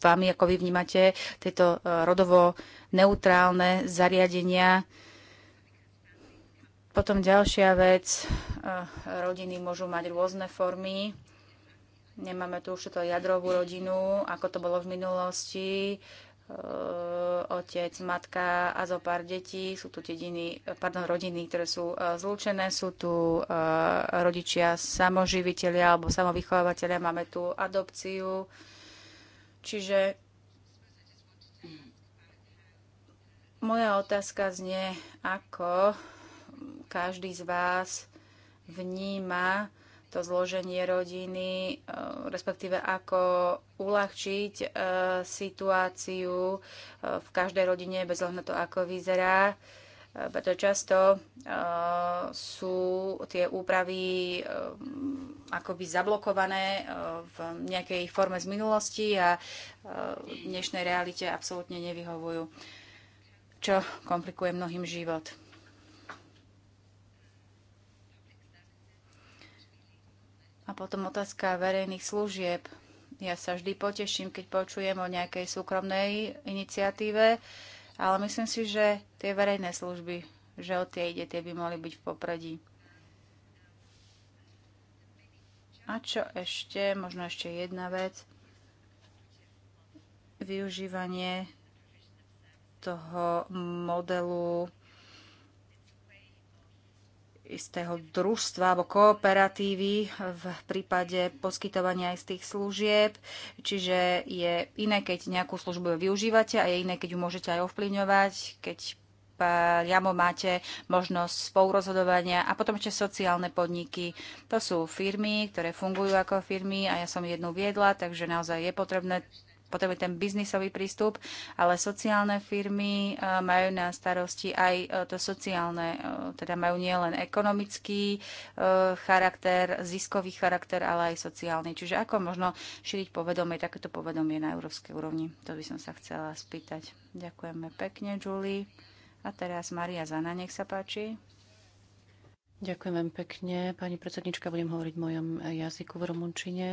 vami, ako vy vnímate tieto e, rodovo neutrálne zariadenia. Potom ďalšia vec, eh, rodiny môžu mať rôzne formy. Nemáme tu už túto jadrovú rodinu, ako to bolo v minulosti. Eh, otec, matka a zo pár detí. Sú tu dediny, pardon, rodiny, ktoré sú eh, zlúčené. Sú tu rodičia samoživiteľia alebo samovychovateľia. Máme tu adopciu. Čiže Moja otázka znie, ako každý z vás vníma to zloženie rodiny, eh, respektíve ako uľahčiť eh, situáciu eh, v každej rodine, bez ohľadu na to, ako vyzerá. Preto často sú tie úpravy akoby zablokované v nejakej forme z minulosti a v dnešnej realite absolútne nevyhovujú čo komplikuje mnohým život. A potom otázka verejných služieb. Ja sa vždy poteším, keď počujem o nejakej súkromnej iniciatíve, ale myslím si, že tie verejné služby, že o tie ide, tie by mohli byť v popredí. A čo ešte? Možno ešte jedna vec. Využívanie toho modelu istého družstva alebo kooperatívy v prípade poskytovania istých služieb. Čiže je iné, keď nejakú službu využívate a je iné, keď ju môžete aj ovplyvňovať, keď priamo máte možnosť spolurozhodovania a potom ešte sociálne podniky. To sú firmy, ktoré fungujú ako firmy a ja som jednu viedla, takže naozaj je potrebné potom je ten biznisový prístup, ale sociálne firmy eh, majú na starosti aj eh, to sociálne, eh, teda majú nielen ekonomický charakter, ziskový charakter, ale aj sociálny. Čiže ako možno šíriť povedomie, takéto povedomie na európskej úrovni? To by som sa chcela spýtať. Ďakujeme pekne, Julie. A teraz Maria Zana, nech sa páči. Ďakujem pekne. Pani predsednička, budem hovoriť v mojom jazyku v Romunčine.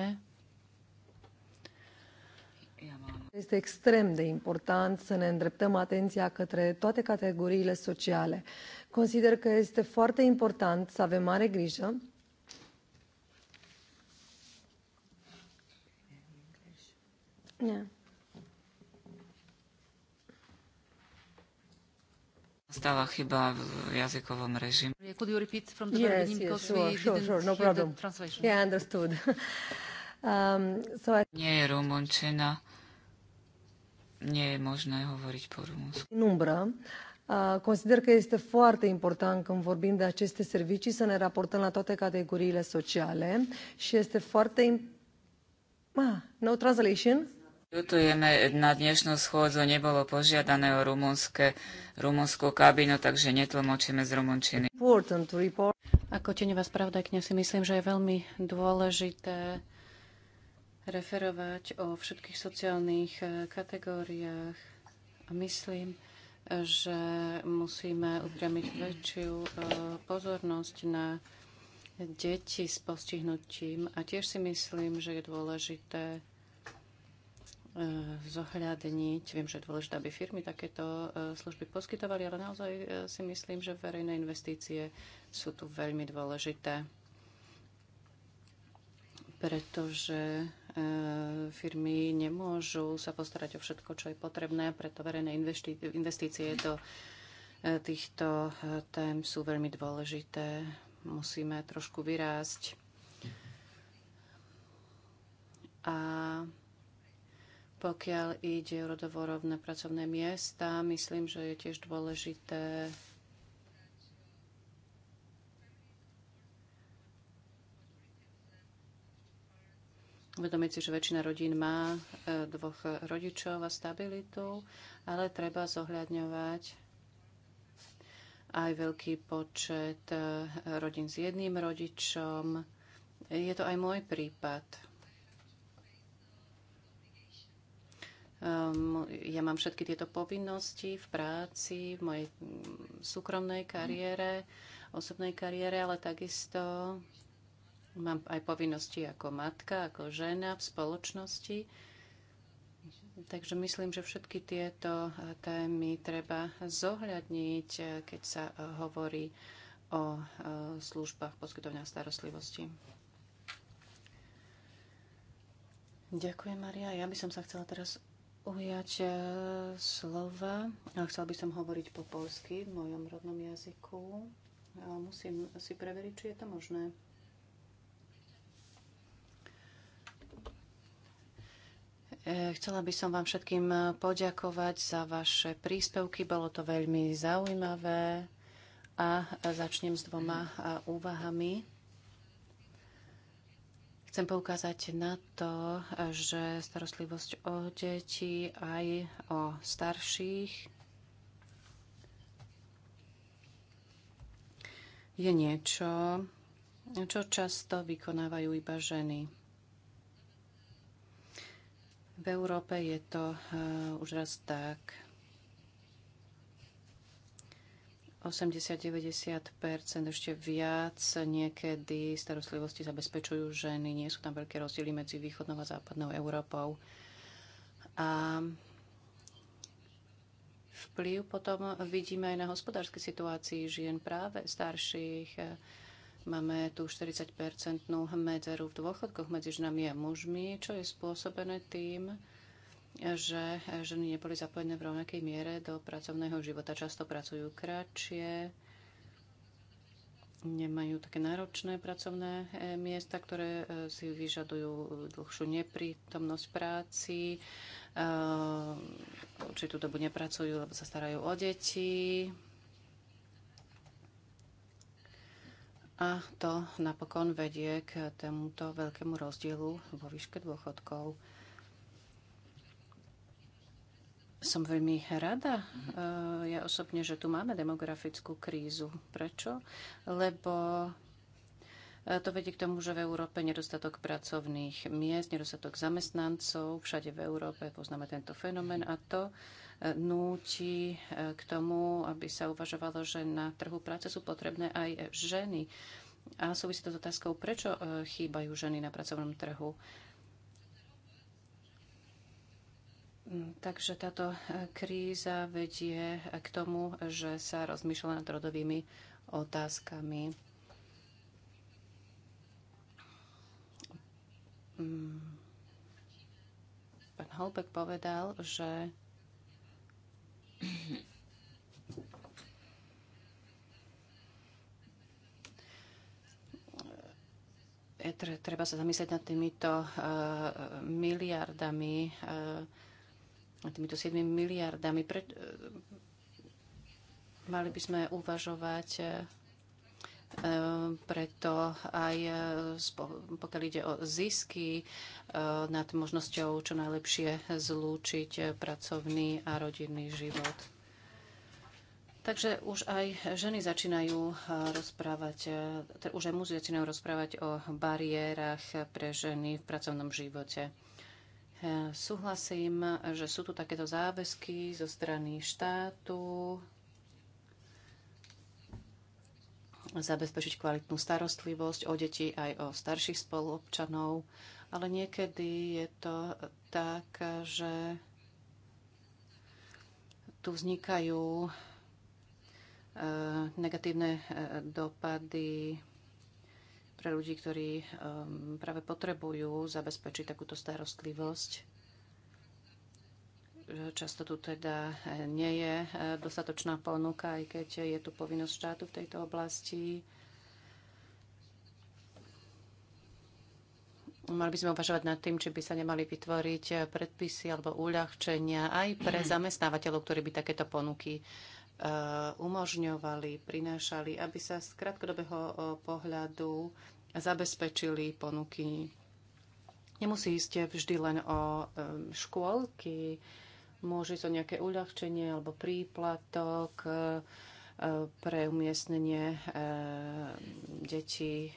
Este extrem de important să ne îndreptăm atenția către toate categoriile sociale. Consider că este foarte important să avem mare grijă Yeah. Stala chyba v jazykovom režime. Could you repeat from the yes, beginning yes, because sure, we sure, didn't sure, no problem. the translation. Yeah, understood. um, so I... Nie je rumunčina nie je možné hovoriť po rumúnsku. Numbră. Consider că este foarte important când vorbim de aceste servicii să ne raportăm la toate categoriile sociale și este foarte... Ah, no translation? Ľutujeme, na dnešnú schôdzu nebolo požiadané o rumunské, rumunskú kabinu, takže netlmočíme z rumunčiny. Ako teňová spravodajkňa si myslím, že je veľmi dôležité referovať o všetkých sociálnych e, kategóriách. A myslím, že musíme upriamiť väčšiu e, pozornosť na deti s postihnutím a tiež si myslím, že je dôležité e, zohľadniť. Viem, že je dôležité, aby firmy takéto služby poskytovali, ale naozaj si myslím, že verejné investície sú tu veľmi dôležité, pretože E, firmy nemôžu sa postarať o všetko, čo je potrebné, preto verejné investície do e, týchto e, tém sú veľmi dôležité. Musíme trošku vyrásť. A pokiaľ ide o rodovorovné pracovné miesta, myslím, že je tiež dôležité Uvedomiť si, že väčšina rodín má e, dvoch rodičov a stabilitu, ale treba zohľadňovať aj veľký počet e, rodín s jedným rodičom. Je to aj môj prípad. Ehm, ja mám všetky tieto povinnosti v práci, v mojej súkromnej kariére, osobnej kariére, ale takisto Mám aj povinnosti ako matka, ako žena v spoločnosti. Takže myslím, že všetky tieto eh, témy treba zohľadniť, eh, keď sa eh, hovorí o službách poskytovania starostlivosti. Ďakujem, Maria. Ja by som sa chcela teraz ujať slova. Chcela by som hovoriť po polsky v mojom rodnom jazyku. Musím si preveriť, či je to možné. E, chcela by som vám všetkým e, poďakovať za vaše príspevky. Bolo to veľmi zaujímavé a e, začnem s dvoma úvahami. Chcem poukázať na to, že starostlivosť o deti aj o starších je niečo, čo často vykonávajú iba ženy. V Európe je to eh, už raz tak. 80-90 ešte viac niekedy starostlivosti zabezpečujú ženy. Nie sú tam veľké rozdiely medzi východnou a západnou Európou. A vplyv potom vidíme aj na hospodárskej situácii žien práve starších Máme tu 40-percentnú medzeru v dôchodkoch medzi ženami a mužmi, čo je spôsobené tým, že ženy neboli zapojené v rovnakej miere do pracovného života. Často pracujú kratšie, nemajú také náročné pracovné e, miesta, ktoré e, si vyžadujú dlhšiu neprítomnosť práci, e, určitú dobu nepracujú, lebo sa starajú o deti, A to napokon vedie k tomuto veľkému rozdielu vo výške dôchodkov. Som veľmi rada, e, ja osobne, že tu máme demografickú krízu. Prečo? Lebo e, to vedie k tomu, že v Európe nedostatok pracovných miest, nedostatok zamestnancov, všade v Európe poznáme tento fenomén a to núti e, k tomu, aby sa uvažovalo, že na trhu práce sú potrebné aj ženy. A súvisí to s otázkou, prečo e, chýbajú ženy na pracovnom trhu. Mm, takže táto e, kríza vedie k tomu, že sa rozmýšľa nad rodovými otázkami. Mm. Pán Holbeck povedal, že Mhm. E, treba sa zamyslieť nad týmito e, miliardami, e, nad týmito 7 miliardami. Pre, mali by sme uvažovať Ehm, preto aj e, pokiaľ ide o zisky, e, nad možnosťou čo najlepšie zlúčiť pracovný a rodinný život. Takže už aj ženy začínajú e, rozprávať, už aj muži začínajú rozprávať o bariérach pre ženy v pracovnom živote. Súhlasím, že sú tu takéto záväzky zo strany štátu, zabezpečiť kvalitnú starostlivosť o deti aj o starších spoluobčanov, ale niekedy je to tak, že tu vznikajú e, negatívne e, dopady pre ľudí, ktorí e, práve potrebujú zabezpečiť takúto starostlivosť. Často tu teda nie je e, dostatočná ponuka, aj keď je tu povinnosť štátu v tejto oblasti. Mali by sme uvažovať nad tým, či by sa nemali vytvoriť predpisy alebo uľahčenia aj pre mhm. zamestnávateľov, ktorí by takéto ponuky e, umožňovali, prinášali, aby sa z krátkodobého e, pohľadu zabezpečili ponuky. Nemusí ísť vždy len o škôlky, Môže to nejaké uľahčenie alebo príplatok e, e, pre umiestnenie e, detí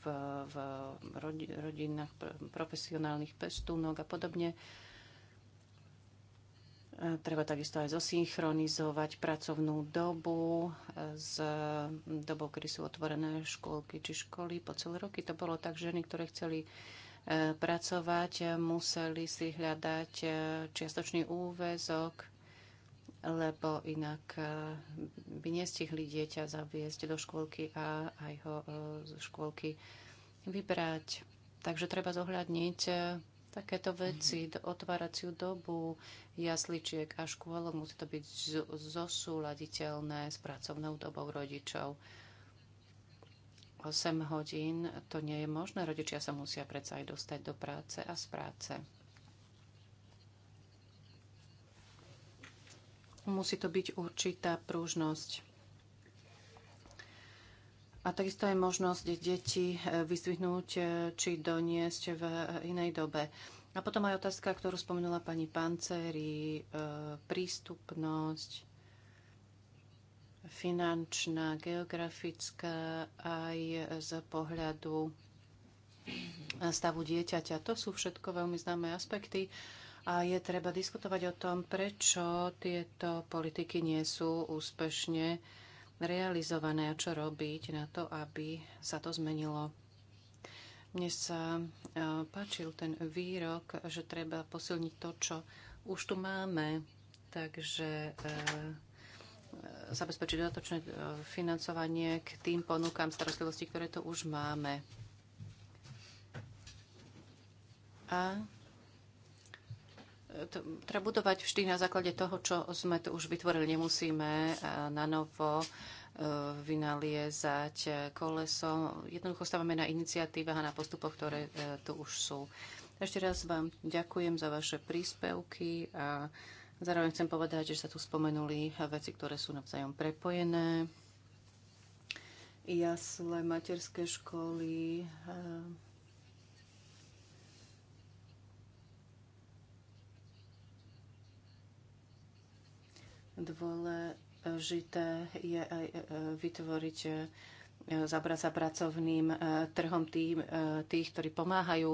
v, v rodinách profesionálnych pestúnok a podobne. Treba takisto aj zosynchronizovať pracovnú dobu s dobou, kedy sú otvorené škôlky či školy po celé roky. To bolo tak, ženy, ktoré chceli pracovať, museli si hľadať eh, čiastočný úvezok, lebo inak eh, by nestihli dieťa zaviesť do škôlky a aj ho eh, z škôlky vybrať. Takže treba zohľadniť takéto veci, mhm. otváraciu dobu jasličiek a škôlok. Musí to byť zosúladiteľné s pracovnou dobou rodičov. 8 hodín to nie je možné. Rodičia sa musia predsa aj dostať do práce a z práce. Musí to byť určitá pružnosť. A takisto je možnosť deti e, vyzdvihnúť e, či doniesť v inej dobe. A potom aj otázka, ktorú spomenula pani Panceri, e, prístupnosť finančná, geografická aj z pohľadu stavu dieťaťa. To sú všetko veľmi známe aspekty a je treba diskutovať o tom, prečo tieto politiky nie sú úspešne realizované a čo robiť na to, aby sa to zmenilo. Mne sa e, páčil ten výrok, že treba posilniť to, čo už tu máme. Takže e, zabezpečiť dodatočné e, financovanie k tým ponukám starostlivosti, ktoré tu už máme. A e, to, treba budovať vždy na základe toho, čo sme tu už vytvorili. Nemusíme e, na novo vynaliezať koleso. Jednoducho stávame na iniciatívach a na postupoch, ktoré tu už sú. Ešte raz vám ďakujem za vaše príspevky a Zároveň chcem povedať, že sa tu spomenuli veci, ktoré sú navzájom prepojené. Jasle, materské školy, eh, dôležité je aj eh, vytvoriť E, zabrať sa pracovným e, trhom tým, e, tých, ktorí pomáhajú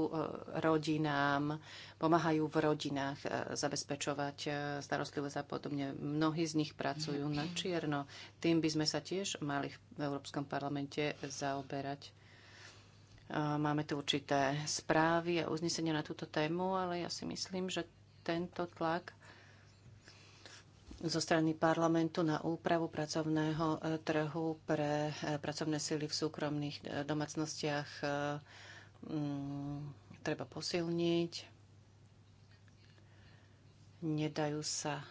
rodinám, pomáhajú v rodinách zabezpečovať starostlivosť a podobne. Mnohí z nich pracujú na čierno. Tým by sme sa tiež mali v Európskom parlamente zaoberať. Máme tu určité správy a uznesenia na túto tému, ale ja si myslím, že tento tlak zo strany parlamentu na úpravu pracovného e, trhu pre e, pracovné sily v súkromných e, domácnostiach mm, treba posilniť. Nedajú sa,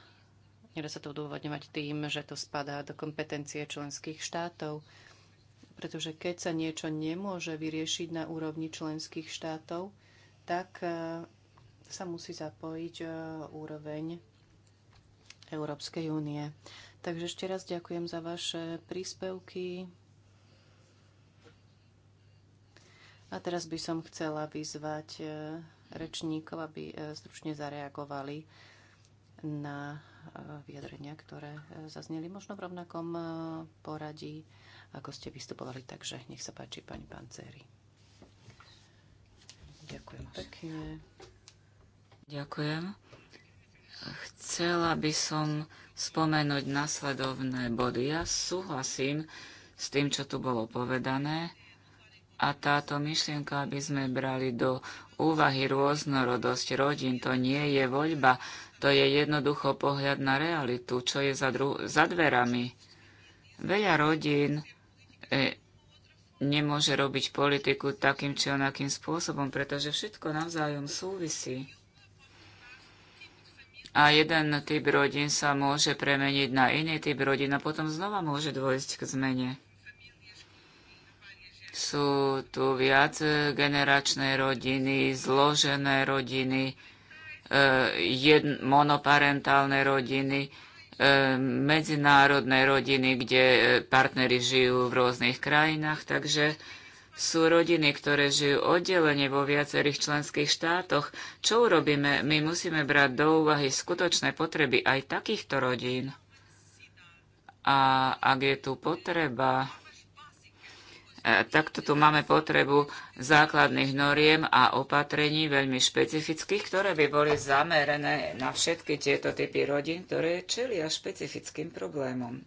nedá sa to udôvodňovať tým, že to spadá do kompetencie členských štátov, pretože keď sa niečo nemôže vyriešiť na úrovni členských štátov, tak sa musí zapojiť úroveň Európskej únie. Takže ešte raz ďakujem za vaše príspevky. A teraz by som chcela vyzvať e, rečníkov, aby e, stručne zareagovali na e, vyjadrenia, ktoré zazneli možno v rovnakom poradí, ako ste vystupovali. Takže nech sa páči, pani Pancéri. Ďakujem pekne. Ďakujem. Chcela by som spomenúť nasledovné body. Ja súhlasím s tým, čo tu bolo povedané a táto myšlienka, aby sme brali do úvahy rôznorodosť rodín, to nie je voľba, to je jednoducho pohľad na realitu, čo je za, za dverami. Veľa rodín e, nemôže robiť politiku takým či onakým spôsobom, pretože všetko navzájom súvisí a jeden typ rodín sa môže premeniť na iný typ rodín a potom znova môže dôjsť k zmene. Sú tu viac generačné rodiny, zložené rodiny, e, monoparentálne rodiny, e, medzinárodné rodiny, kde e, partnery žijú v rôznych krajinách, takže sú rodiny, ktoré žijú oddelenie vo viacerých členských štátoch. Čo urobíme? My musíme brať do úvahy skutočné potreby aj takýchto rodín. A ak je tu potreba, e, takto tu máme potrebu základných noriem a opatrení veľmi špecifických, ktoré by boli zamerané na všetky tieto typy rodín, ktoré čelia špecifickým problémom.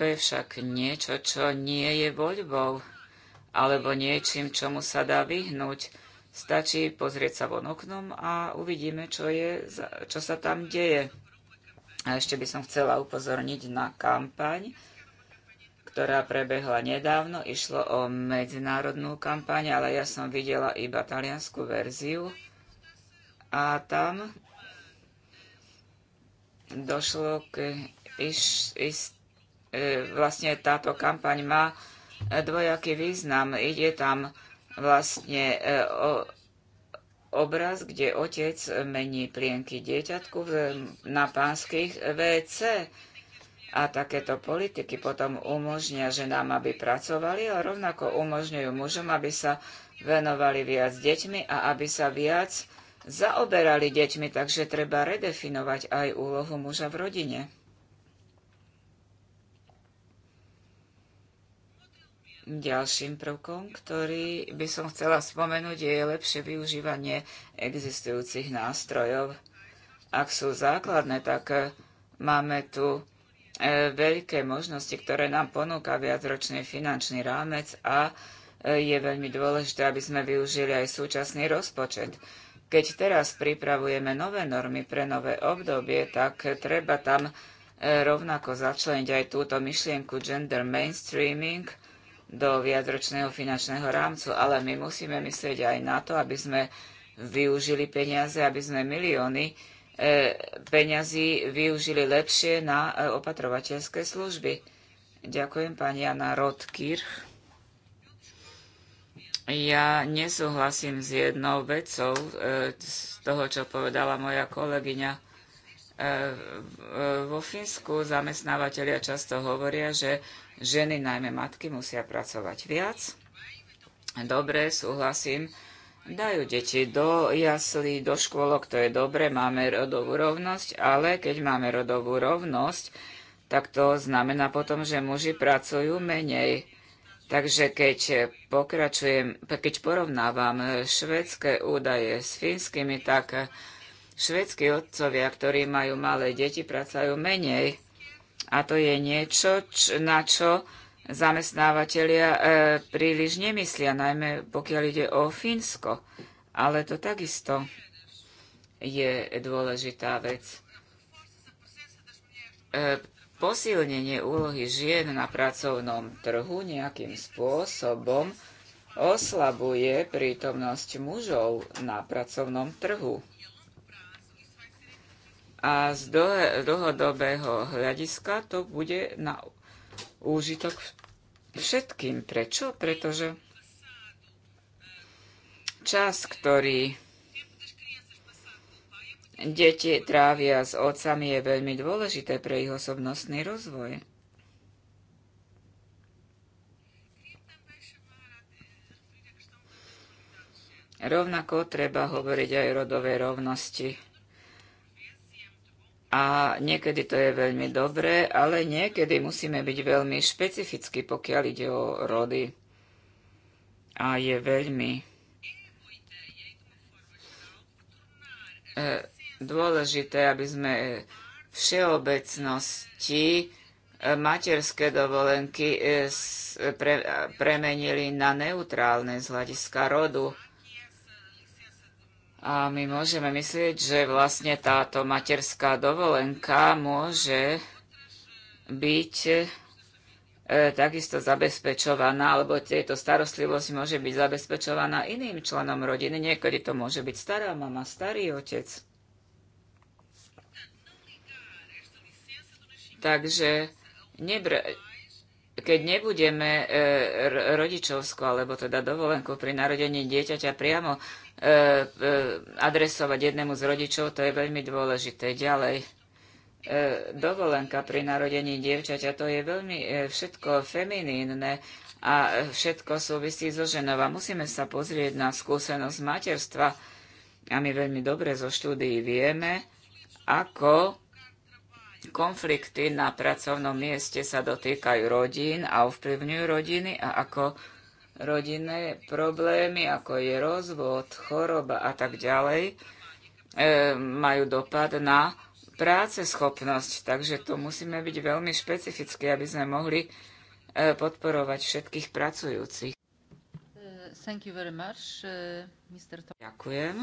To je však niečo, čo nie je voľbou, alebo niečím, čomu sa dá vyhnúť. Stačí pozrieť sa von oknom a uvidíme, čo, je, čo sa tam deje. A ešte by som chcela upozorniť na kampaň, ktorá prebehla nedávno. Išlo o medzinárodnú kampaň, ale ja som videla iba taliansku verziu. A tam došlo k E, vlastne táto kampaň má e, dvojaký význam. Ide tam vlastne e, o obraz, kde otec mení plienky dieťatku na pánskych WC. A takéto politiky potom umožnia ženám, aby pracovali, ale rovnako umožňujú mužom, aby sa venovali viac deťmi a aby sa viac zaoberali deťmi. Takže treba redefinovať aj úlohu muža v rodine. Ďalším prvkom, ktorý by som chcela spomenúť, je lepšie využívanie existujúcich nástrojov. Ak sú základné, tak e, máme tu e, veľké možnosti, ktoré nám ponúka viacročný finančný rámec a e, je veľmi dôležité, aby sme využili aj súčasný rozpočet. Keď teraz pripravujeme nové normy pre nové obdobie, tak treba tam rovnako začleniť aj túto myšlienku gender mainstreaming – do viacročného finančného rámcu, ale my musíme myslieť aj na to, aby sme využili peniaze, aby sme milióny e, peniazy využili lepšie na e, opatrovateľské služby. Ďakujem pani Jana Rodkirch. Ja nesúhlasím s jednou vecou e, z toho, čo povedala moja kolegyňa. Vo Fínsku zamestnávateľia často hovoria, že ženy, najmä matky, musia pracovať viac. Dobre, súhlasím. Dajú deti do jaslí, do škôlok, to je dobre, máme rodovú rovnosť, ale keď máme rodovú rovnosť, tak to znamená potom, že muži pracujú menej. Takže keď pokračujem, keď porovnávam švedské údaje s fínskymi, tak švedskí otcovia, ktorí majú malé deti, pracujú menej. A to je niečo, na čo zamestnávateľia e, príliš nemyslia, najmä pokiaľ ide o Fínsko. Ale to takisto je dôležitá vec. E, posilnenie úlohy žien na pracovnom trhu nejakým spôsobom oslabuje prítomnosť mužov na pracovnom trhu a z dlhodobého hľadiska to bude na úžitok všetkým. Prečo? Pretože čas, ktorý deti trávia s otcami, je veľmi dôležité pre ich osobnostný rozvoj. Rovnako treba hovoriť aj o rodovej rovnosti a niekedy to je veľmi dobré, ale niekedy musíme byť veľmi špecificky, pokiaľ ide o rody. A je veľmi e, dôležité, aby sme všeobecnosti e, materské dovolenky e, premenili na neutrálne z hľadiska rodu a my môžeme myslieť, že vlastne táto materská dovolenka môže byť e, takisto zabezpečovaná, alebo tieto starostlivosť môže byť zabezpečovaná iným členom rodiny. Niekedy to môže byť stará mama, starý otec. Takže nebr- keď nebudeme e, rodičovskú alebo teda dovolenku pri narodení dieťaťa priamo E, e, adresovať jednému z rodičov, to je veľmi dôležité. Ďalej, e, dovolenka pri narodení dievčaťa, to je veľmi všetko feminínne a všetko súvisí so ženou. A musíme sa pozrieť na skúsenosť materstva a my veľmi dobre zo štúdií vieme, ako konflikty na pracovnom mieste sa dotýkajú rodín a ovplyvňujú rodiny a ako rodinné problémy, ako je rozvod, choroba a tak ďalej, e, majú dopad na práceschopnosť. Takže to musíme byť veľmi špecifické, aby sme mohli e, podporovať všetkých pracujúcich. Much, uh, ďakujem.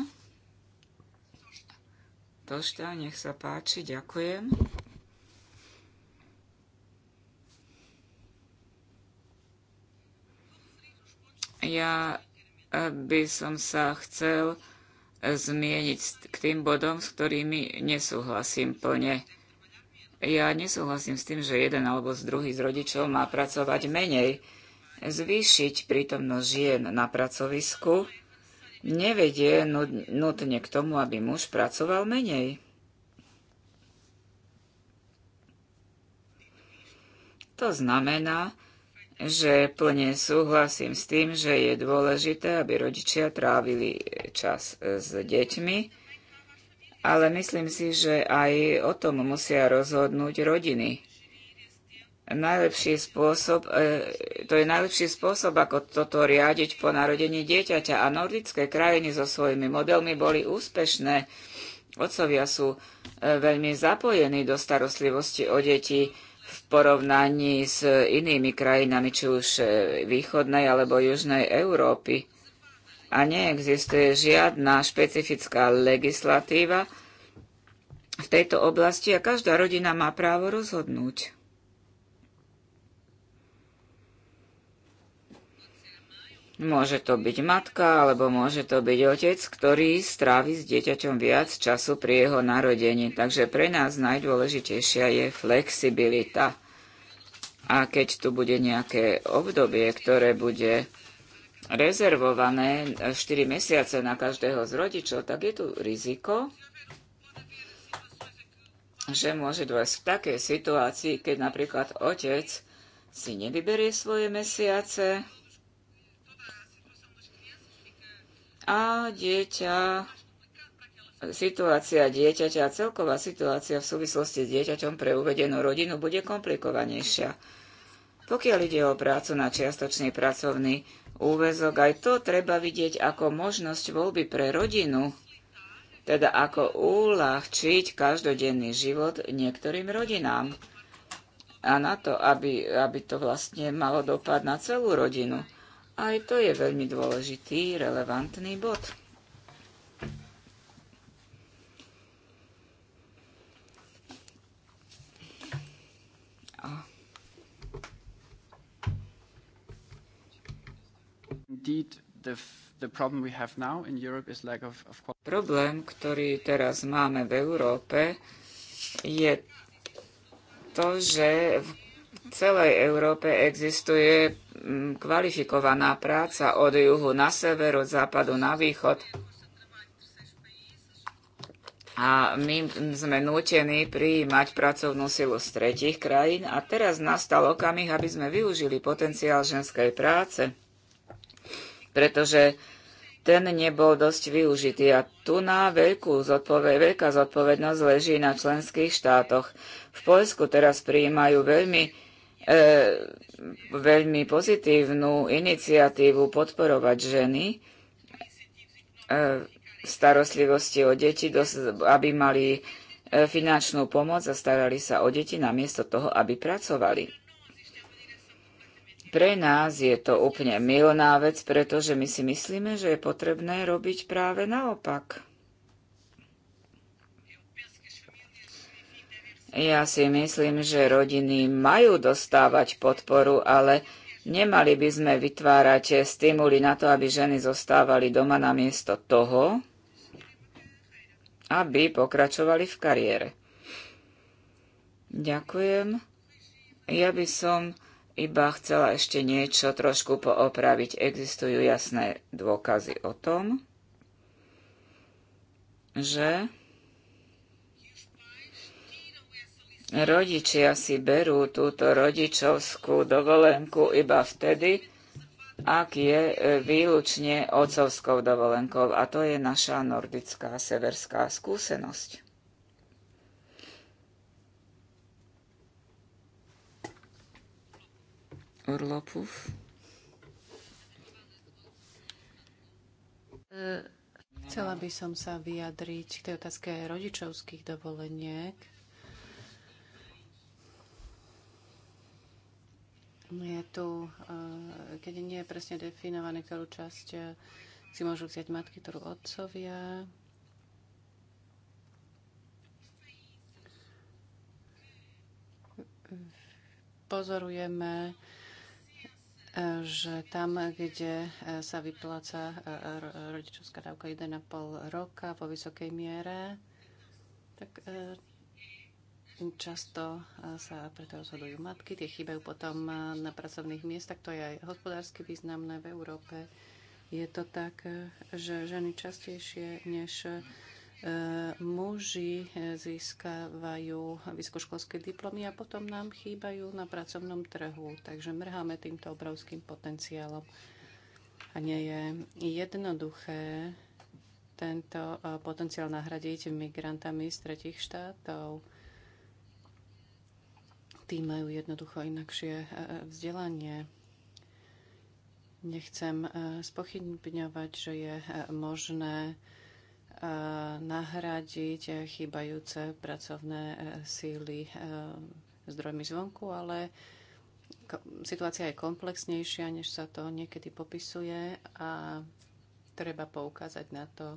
Tošta, nech sa páči, ďakujem. Ja eh, by som sa chcel eh, zmieniť k tým bodom, s ktorými nesúhlasím plne. Ja nesúhlasím s tým, že jeden alebo z druhých z rodičov má pracovať menej. Zvýšiť prítomnosť žien na pracovisku nevedie nutne k tomu, aby muž pracoval menej. To znamená, že plne súhlasím s tým, že je dôležité, aby rodičia trávili čas e, s deťmi, ale myslím si, že aj o tom musia rozhodnúť rodiny. Najlepší spôsob, e, to je najlepší spôsob, ako toto riadiť po narodení dieťaťa. A nordické krajiny so svojimi modelmi boli úspešné. Otcovia sú e, veľmi zapojení do starostlivosti o deti porovnaní s inými krajinami, či už e, východnej alebo južnej Európy. A neexistuje žiadna špecifická legislatíva v tejto oblasti a každá rodina má právo rozhodnúť. Môže to byť matka, alebo môže to byť otec, ktorý strávi s dieťaťom viac času pri jeho narodení. Takže pre nás najdôležitejšia je flexibilita. A keď tu bude nejaké obdobie, ktoré bude rezervované 4 mesiace na každého z rodičov, tak je tu riziko, že môže dôjsť v takej situácii, keď napríklad otec si nevyberie svoje mesiace, a dieťa, situácia dieťaťa a celková situácia v súvislosti s dieťaťom pre uvedenú rodinu bude komplikovanejšia. Pokiaľ ide o prácu na čiastočný pracovný úvezok, aj to treba vidieť ako možnosť voľby pre rodinu, teda ako uľahčiť každodenný život niektorým rodinám. A na to, aby, aby to vlastne malo dopad na celú rodinu. Aj to je veľmi dôležitý, relevantný bod. Problém, ktorý teraz máme v Európe, je to, že v celej Európe existuje Mm, kvalifikovaná práca od juhu na sever, od západu na východ. A my sme nútení prijímať pracovnú silu z tretich krajín a teraz nastal okamih, aby sme využili potenciál ženskej práce, pretože ten nebol dosť využitý a tu na veľkú zodpoved- veľká zodpovednosť leží na členských štátoch. V Poľsku teraz prijímajú veľmi E, veľmi pozitívnu iniciatívu podporovať ženy e, v starostlivosti o deti, aby mali e, finančnú pomoc a starali sa o deti namiesto toho, aby pracovali. Pre nás je to úplne milná vec, pretože my si myslíme, že je potrebné robiť práve naopak. Ja si myslím, že rodiny majú dostávať podporu, ale nemali by sme vytvárať stimuly na to, aby ženy zostávali doma namiesto toho, aby pokračovali v kariére. Ďakujem. Ja by som iba chcela ešte niečo trošku poopraviť. Existujú jasné dôkazy o tom, že Rodičia si berú túto rodičovskú dovolenku iba vtedy, ak je e, výlučne otcovskou dovolenkou. A to je naša nordická severská skúsenosť. Urlopów. E, Chcela by som sa vyjadriť k tej otázke rodičovských dovoleniek. je tu, eh, keď nie je presne definované, ktorú časť eh, si môžu vziať matky, ktorú otcovia. Pozorujeme, eh, že tam, kde sa vypláca rodičovská dávka 1,5 roka po vysokej miere, tak Často eh, sa preto rozhodujú matky, tie chýbajú potom eh, na pracovných miestach, to je aj hospodársky významné v Európe. Je to tak, eh, že ženy častejšie než muži získavajú vysokoškolské diplomy a potom nám chýbajú na pracovnom trhu. Takže mrháme týmto obrovským potenciálom. A nie je jednoduché tento potenciál nahradiť migrantami z tretich štátov tí majú jednoducho inakšie e, e, vzdelanie. Nechcem e, spochybňovať, že je možné nahradiť chýbajúce pracovné síly zdrojmi zvonku, ale situácia je komplexnejšia, než sa to niekedy popisuje a treba poukázať na to,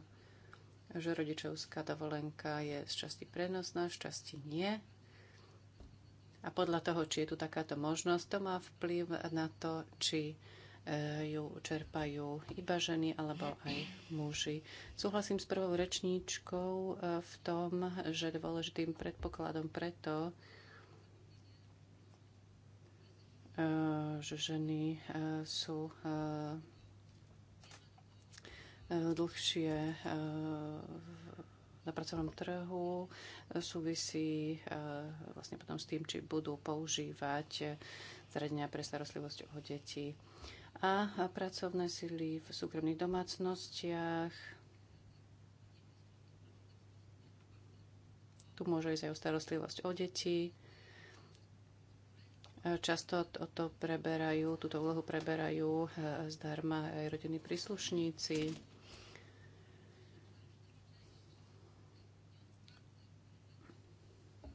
že rodičovská dovolenka je z časti prenosná, z časti nie a podľa toho, či je tu takáto možnosť, to má vplyv na to, či e, ju čerpajú iba ženy alebo aj muži. Súhlasím s prvou rečníčkou e, v tom, že dôležitým predpokladom preto, e, že ženy sú dlhšie v na pracovnom trhu súvisí e, vlastne potom s tým, či budú používať e, zariadenia pre starostlivosť o deti a pracovné sily v súkromných domácnostiach. Tu môže ísť aj o starostlivosť o deti. E, často toto preberajú, túto úlohu preberajú zdarma aj rodinní príslušníci.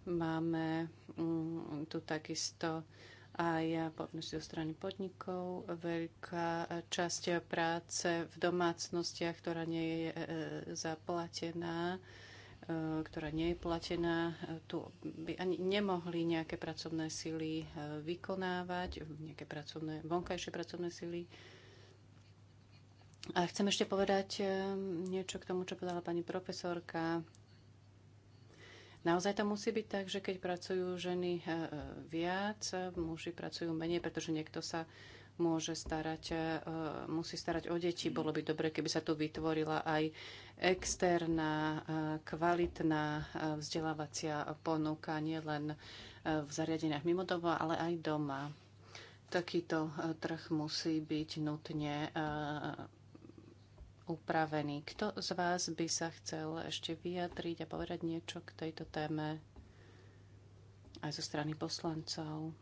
Máme mm, tu takisto aj povinnosti zo strany podnikov, veľká časť práce v domácnostiach, ktorá nie je e, e, zaplatená, e, ktorá nie je platená. Tu by ani nemohli nejaké pracovné sily vykonávať, nejaké pracovné, vonkajšie pracovné sily. A chcem ešte povedať niečo k tomu, čo povedala pani profesorka. Naozaj to musí byť tak, že keď pracujú ženy eh, eh, viac, muži pracujú menej, pretože niekto sa môže starať, eh, musí starať o deti. Bolo by dobre, keby sa tu vytvorila aj externá, kvalitná vzdelávacia ponuka, nielen v zariadeniach mimo domova, ale aj doma. Takýto trh musí byť nutne upravený. Kto z vás by sa chcel ešte vyjadriť a povedať niečo k tejto téme aj zo strany poslancov?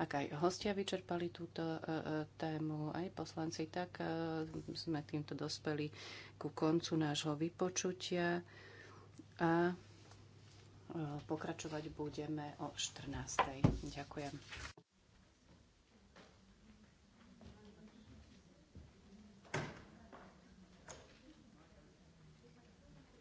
Ak aj hostia vyčerpali túto uh, tému, aj poslanci, tak uh, sme týmto dospeli ku koncu nášho vypočutia. A Pokračovať budeme o 14.00. Ďakujem.